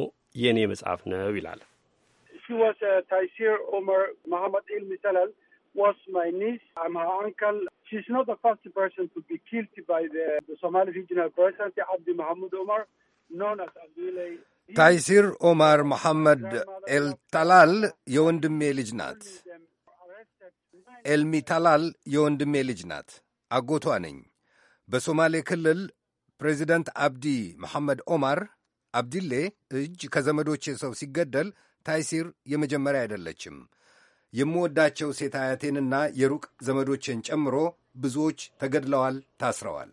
የእኔ መጽሐፍ ነው ይላል። ታይሴር ኦማር መሐመድ ኢልም ይሰላል ዋስ ማይ ኒስ She's not the first person to be killed by the, the Somali regional president, Abdi Mohamed Omar, known as Abdile. ታይሲር ኦማር መሐመድ ኤልታላል የወንድሜ ልጅ ናት። ኤልሚታላል የወንድሜ ልጅ ናት። አጎቷ ነኝ። በሶማሌ ክልል ፕሬዚደንት አብዲ መሐመድ ኦማር አብዲሌ እጅ ከዘመዶቼ ሰው ሲገደል ታይሲር የመጀመሪያ አይደለችም። የምወዳቸው ሴት አያቴንና የሩቅ ዘመዶችን ጨምሮ ብዙዎች ተገድለዋል፣ ታስረዋል።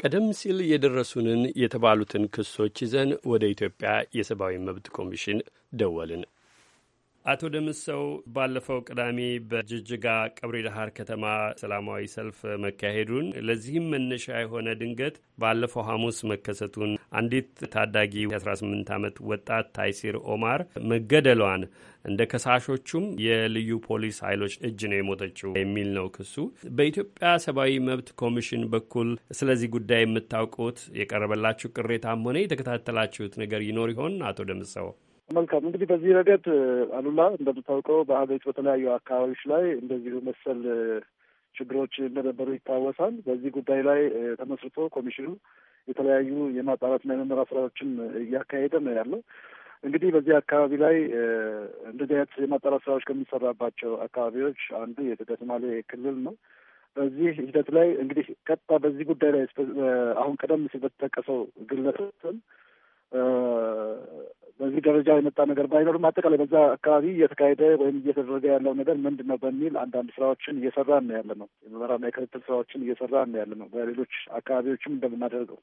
ቀደም ሲል የደረሱንን የተባሉትን ክሶች ይዘን ወደ ኢትዮጵያ የሰብአዊ መብት ኮሚሽን ደወልን። አቶ ደምሰው ባለፈው ቅዳሜ በጅጅጋ ቀብሪ ዳሃር ከተማ ሰላማዊ ሰልፍ መካሄዱን ለዚህም መነሻ የሆነ ድንገት ባለፈው ሐሙስ መከሰቱን አንዲት ታዳጊ 18 ዓመት ወጣት ታይሲር ኦማር መገደሏን እንደ ከሳሾቹም የልዩ ፖሊስ ኃይሎች እጅ ነው የሞተችው የሚል ነው ክሱ። በኢትዮጵያ ሰብአዊ መብት ኮሚሽን በኩል ስለዚህ ጉዳይ የምታውቁት የቀረበላችሁ ቅሬታም ሆነ የተከታተላችሁት ነገር ይኖር ይሆን? አቶ ደምሰው መልካም እንግዲህ በዚህ ረገድ አሉላ እንደምታውቀው በሀገሪቱ በተለያዩ አካባቢዎች ላይ እንደዚሁ መሰል ችግሮች እንደነበሩ ይታወሳል። በዚህ ጉዳይ ላይ ተመስርቶ ኮሚሽኑ የተለያዩ የማጣራትና የመመራ ስራዎችን እያካሄደ ነው ያለው። እንግዲህ በዚህ አካባቢ ላይ እንደዚህ አይነት የማጣራት ስራዎች ከሚሰራባቸው አካባቢዎች አንዱ የኢትዮጵያ ሶማሌ ክልል ነው። በዚህ ሂደት ላይ እንግዲህ ቀጥታ በዚህ ጉዳይ ላይ አሁን ቀደም ሲል በተጠቀሰው ግለሰብ በዚህ ደረጃ የመጣ ነገር ባይኖርም አጠቃላይ በዛ አካባቢ እየተካሄደ ወይም እየተደረገ ያለው ነገር ምንድን ነው በሚል አንዳንድ ስራዎችን እየሰራ ነው ያለ ነው። የምርመራና የክትትል ስራዎችን እየሰራ ነው ያለ ነው። በሌሎች አካባቢዎችም እንደምናደርገው።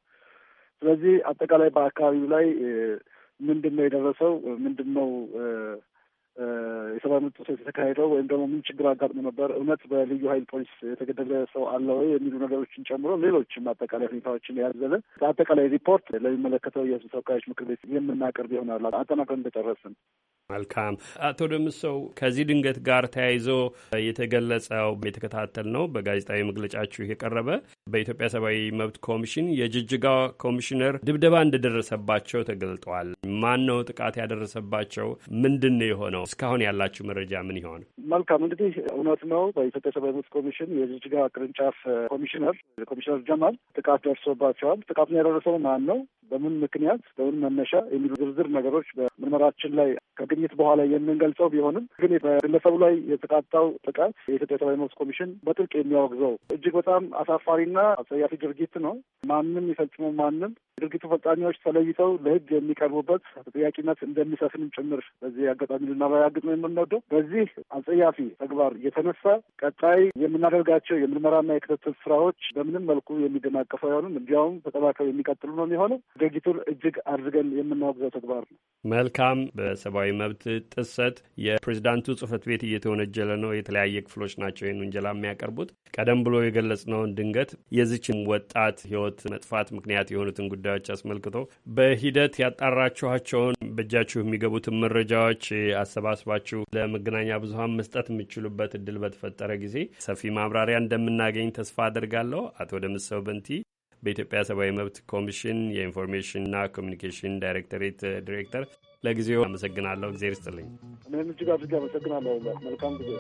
ስለዚህ አጠቃላይ በአካባቢው ላይ ምንድን ነው የደረሰው ምንድን ነው የሰብአዊ መብት ጥሰት የተካሄደው ወይም ደግሞ ምን ችግር አጋጥሞ ነበር፣ እውነት በልዩ ኃይል ፖሊስ የተገደለ ሰው አለ ወይ የሚሉ ነገሮችን ጨምሮ ሌሎችም አጠቃላይ ሁኔታዎችን ያዘለ አጠቃላይ ሪፖርት ለሚመለከተው የሕዝብ ተወካዮች ምክር ቤት የምናቀርብ ይሆናል አጠናቀን እንደጨረስን። መልካም አቶ ደምሰው፣ ከዚህ ድንገት ጋር ተያይዞ የተገለጸው የተከታተል ነው በጋዜጣዊ መግለጫችሁ የቀረበ በኢትዮጵያ ሰብአዊ መብት ኮሚሽን የጅጅጋ ኮሚሽነር ድብደባ እንደደረሰባቸው ተገልጠዋል። ማን ነው ጥቃት ያደረሰባቸው? ምንድን ነው የሆነው? እስካሁን ያላችሁ መረጃ ምን ይሆን? መልካም እንግዲህ እውነት ነው። በኢትዮጵያ ሰብአዊ መብት ኮሚሽን የጅጅጋ ቅርንጫፍ ኮሚሽነር ኮሚሽነር ጀማል ጥቃት ደርሶባቸዋል። ጥቃቱን ያደረሰው ማን ነው፣ በምን ምክንያት፣ በምን መነሻ የሚሉ ዝርዝር ነገሮች በምርመራችን ላይ ከግኝት በኋላ የምንገልጸው ቢሆንም ግን በግለሰቡ ላይ የተቃጣው ጥቃት የኢትዮጵያ ሰብአዊ መብት ኮሚሽን በጥልቅ የሚያወግዘው እጅግ በጣም አሳፋሪና አጸያፊ ድርጊት ነው። ማንም የፈጽመው ማንም ድርጊቱ ፈጻሚዎች ተለይተው ለህግ የሚቀርቡበት ተጠያቂነት እንደሚሰፍንም ጭምር በዚህ አጋጣሚ ልናረጋግጥ ነው የምንወደው። በዚህ አጸያፊ ተግባር የተነሳ ቀጣይ የምናደርጋቸው የምርመራና የክትትል ስራዎች በምንም መልኩ የሚደናቀፉ አይሆኑም። እንዲያውም ተጠባከው የሚቀጥሉ ነው የሚሆነው። ድርጊቱን እጅግ አድርገን የምናወግዘው ተግባር ነው። መልካም። በሰብአዊ መብት ጥሰት የፕሬዚዳንቱ ጽህፈት ቤት እየተወነጀለ ነው። የተለያየ ክፍሎች ናቸው ይህን ውንጀላ የሚያቀርቡት። ቀደም ብሎ የገለጽነውን ድንገት የዚችን ወጣት ህይወት መጥፋት ምክንያት የሆኑትን ጉዳ ጉዳዮች አስመልክቶ በሂደት ያጣራችኋቸውን በእጃችሁ የሚገቡትን መረጃዎች አሰባስባችሁ ለመገናኛ ብዙኃን መስጠት የሚችሉበት እድል በተፈጠረ ጊዜ ሰፊ ማብራሪያ እንደምናገኝ ተስፋ አድርጋለሁ። አቶ ደምሰው በንቲ በኢትዮጵያ ሰብአዊ መብት ኮሚሽን የኢንፎርሜሽንና ኮሚኒኬሽን ዳይሬክቶሬት ዲሬክተር፣ ለጊዜው አመሰግናለሁ። እግዜር ይስጥልኝ። እኔም እጅግ አድርጌ አመሰግናለሁ። መልካም ጊዜ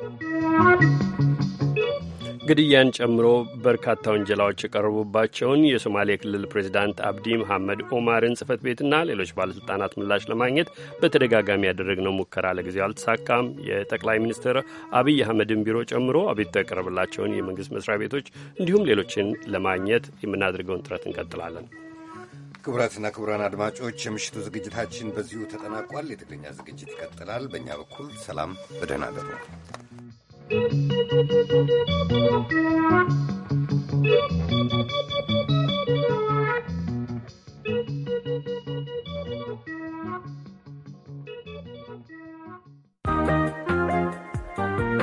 ግድያን ጨምሮ በርካታ ወንጀላዎች የቀረቡባቸውን የሶማሌ ክልል ፕሬዚዳንት አብዲ መሐመድ ኦማርን ጽህፈት ቤትና ሌሎች ባለሥልጣናት ምላሽ ለማግኘት በተደጋጋሚ ያደረግነው ሙከራ ለጊዜው አልተሳካም። የጠቅላይ ሚኒስትር አብይ አህመድን ቢሮ ጨምሮ አቤት ተቀረብላቸውን የመንግሥት መስሪያ ቤቶች እንዲሁም ሌሎችን ለማግኘት የምናደርገውን ጥረት እንቀጥላለን። ክቡራትና ክቡራን አድማጮች የምሽቱ ዝግጅታችን በዚሁ ተጠናቋል። የትግርኛ ዝግጅት ይቀጥላል። በእኛ በኩል ሰላም፣ በደህና እደሩ። Thank you.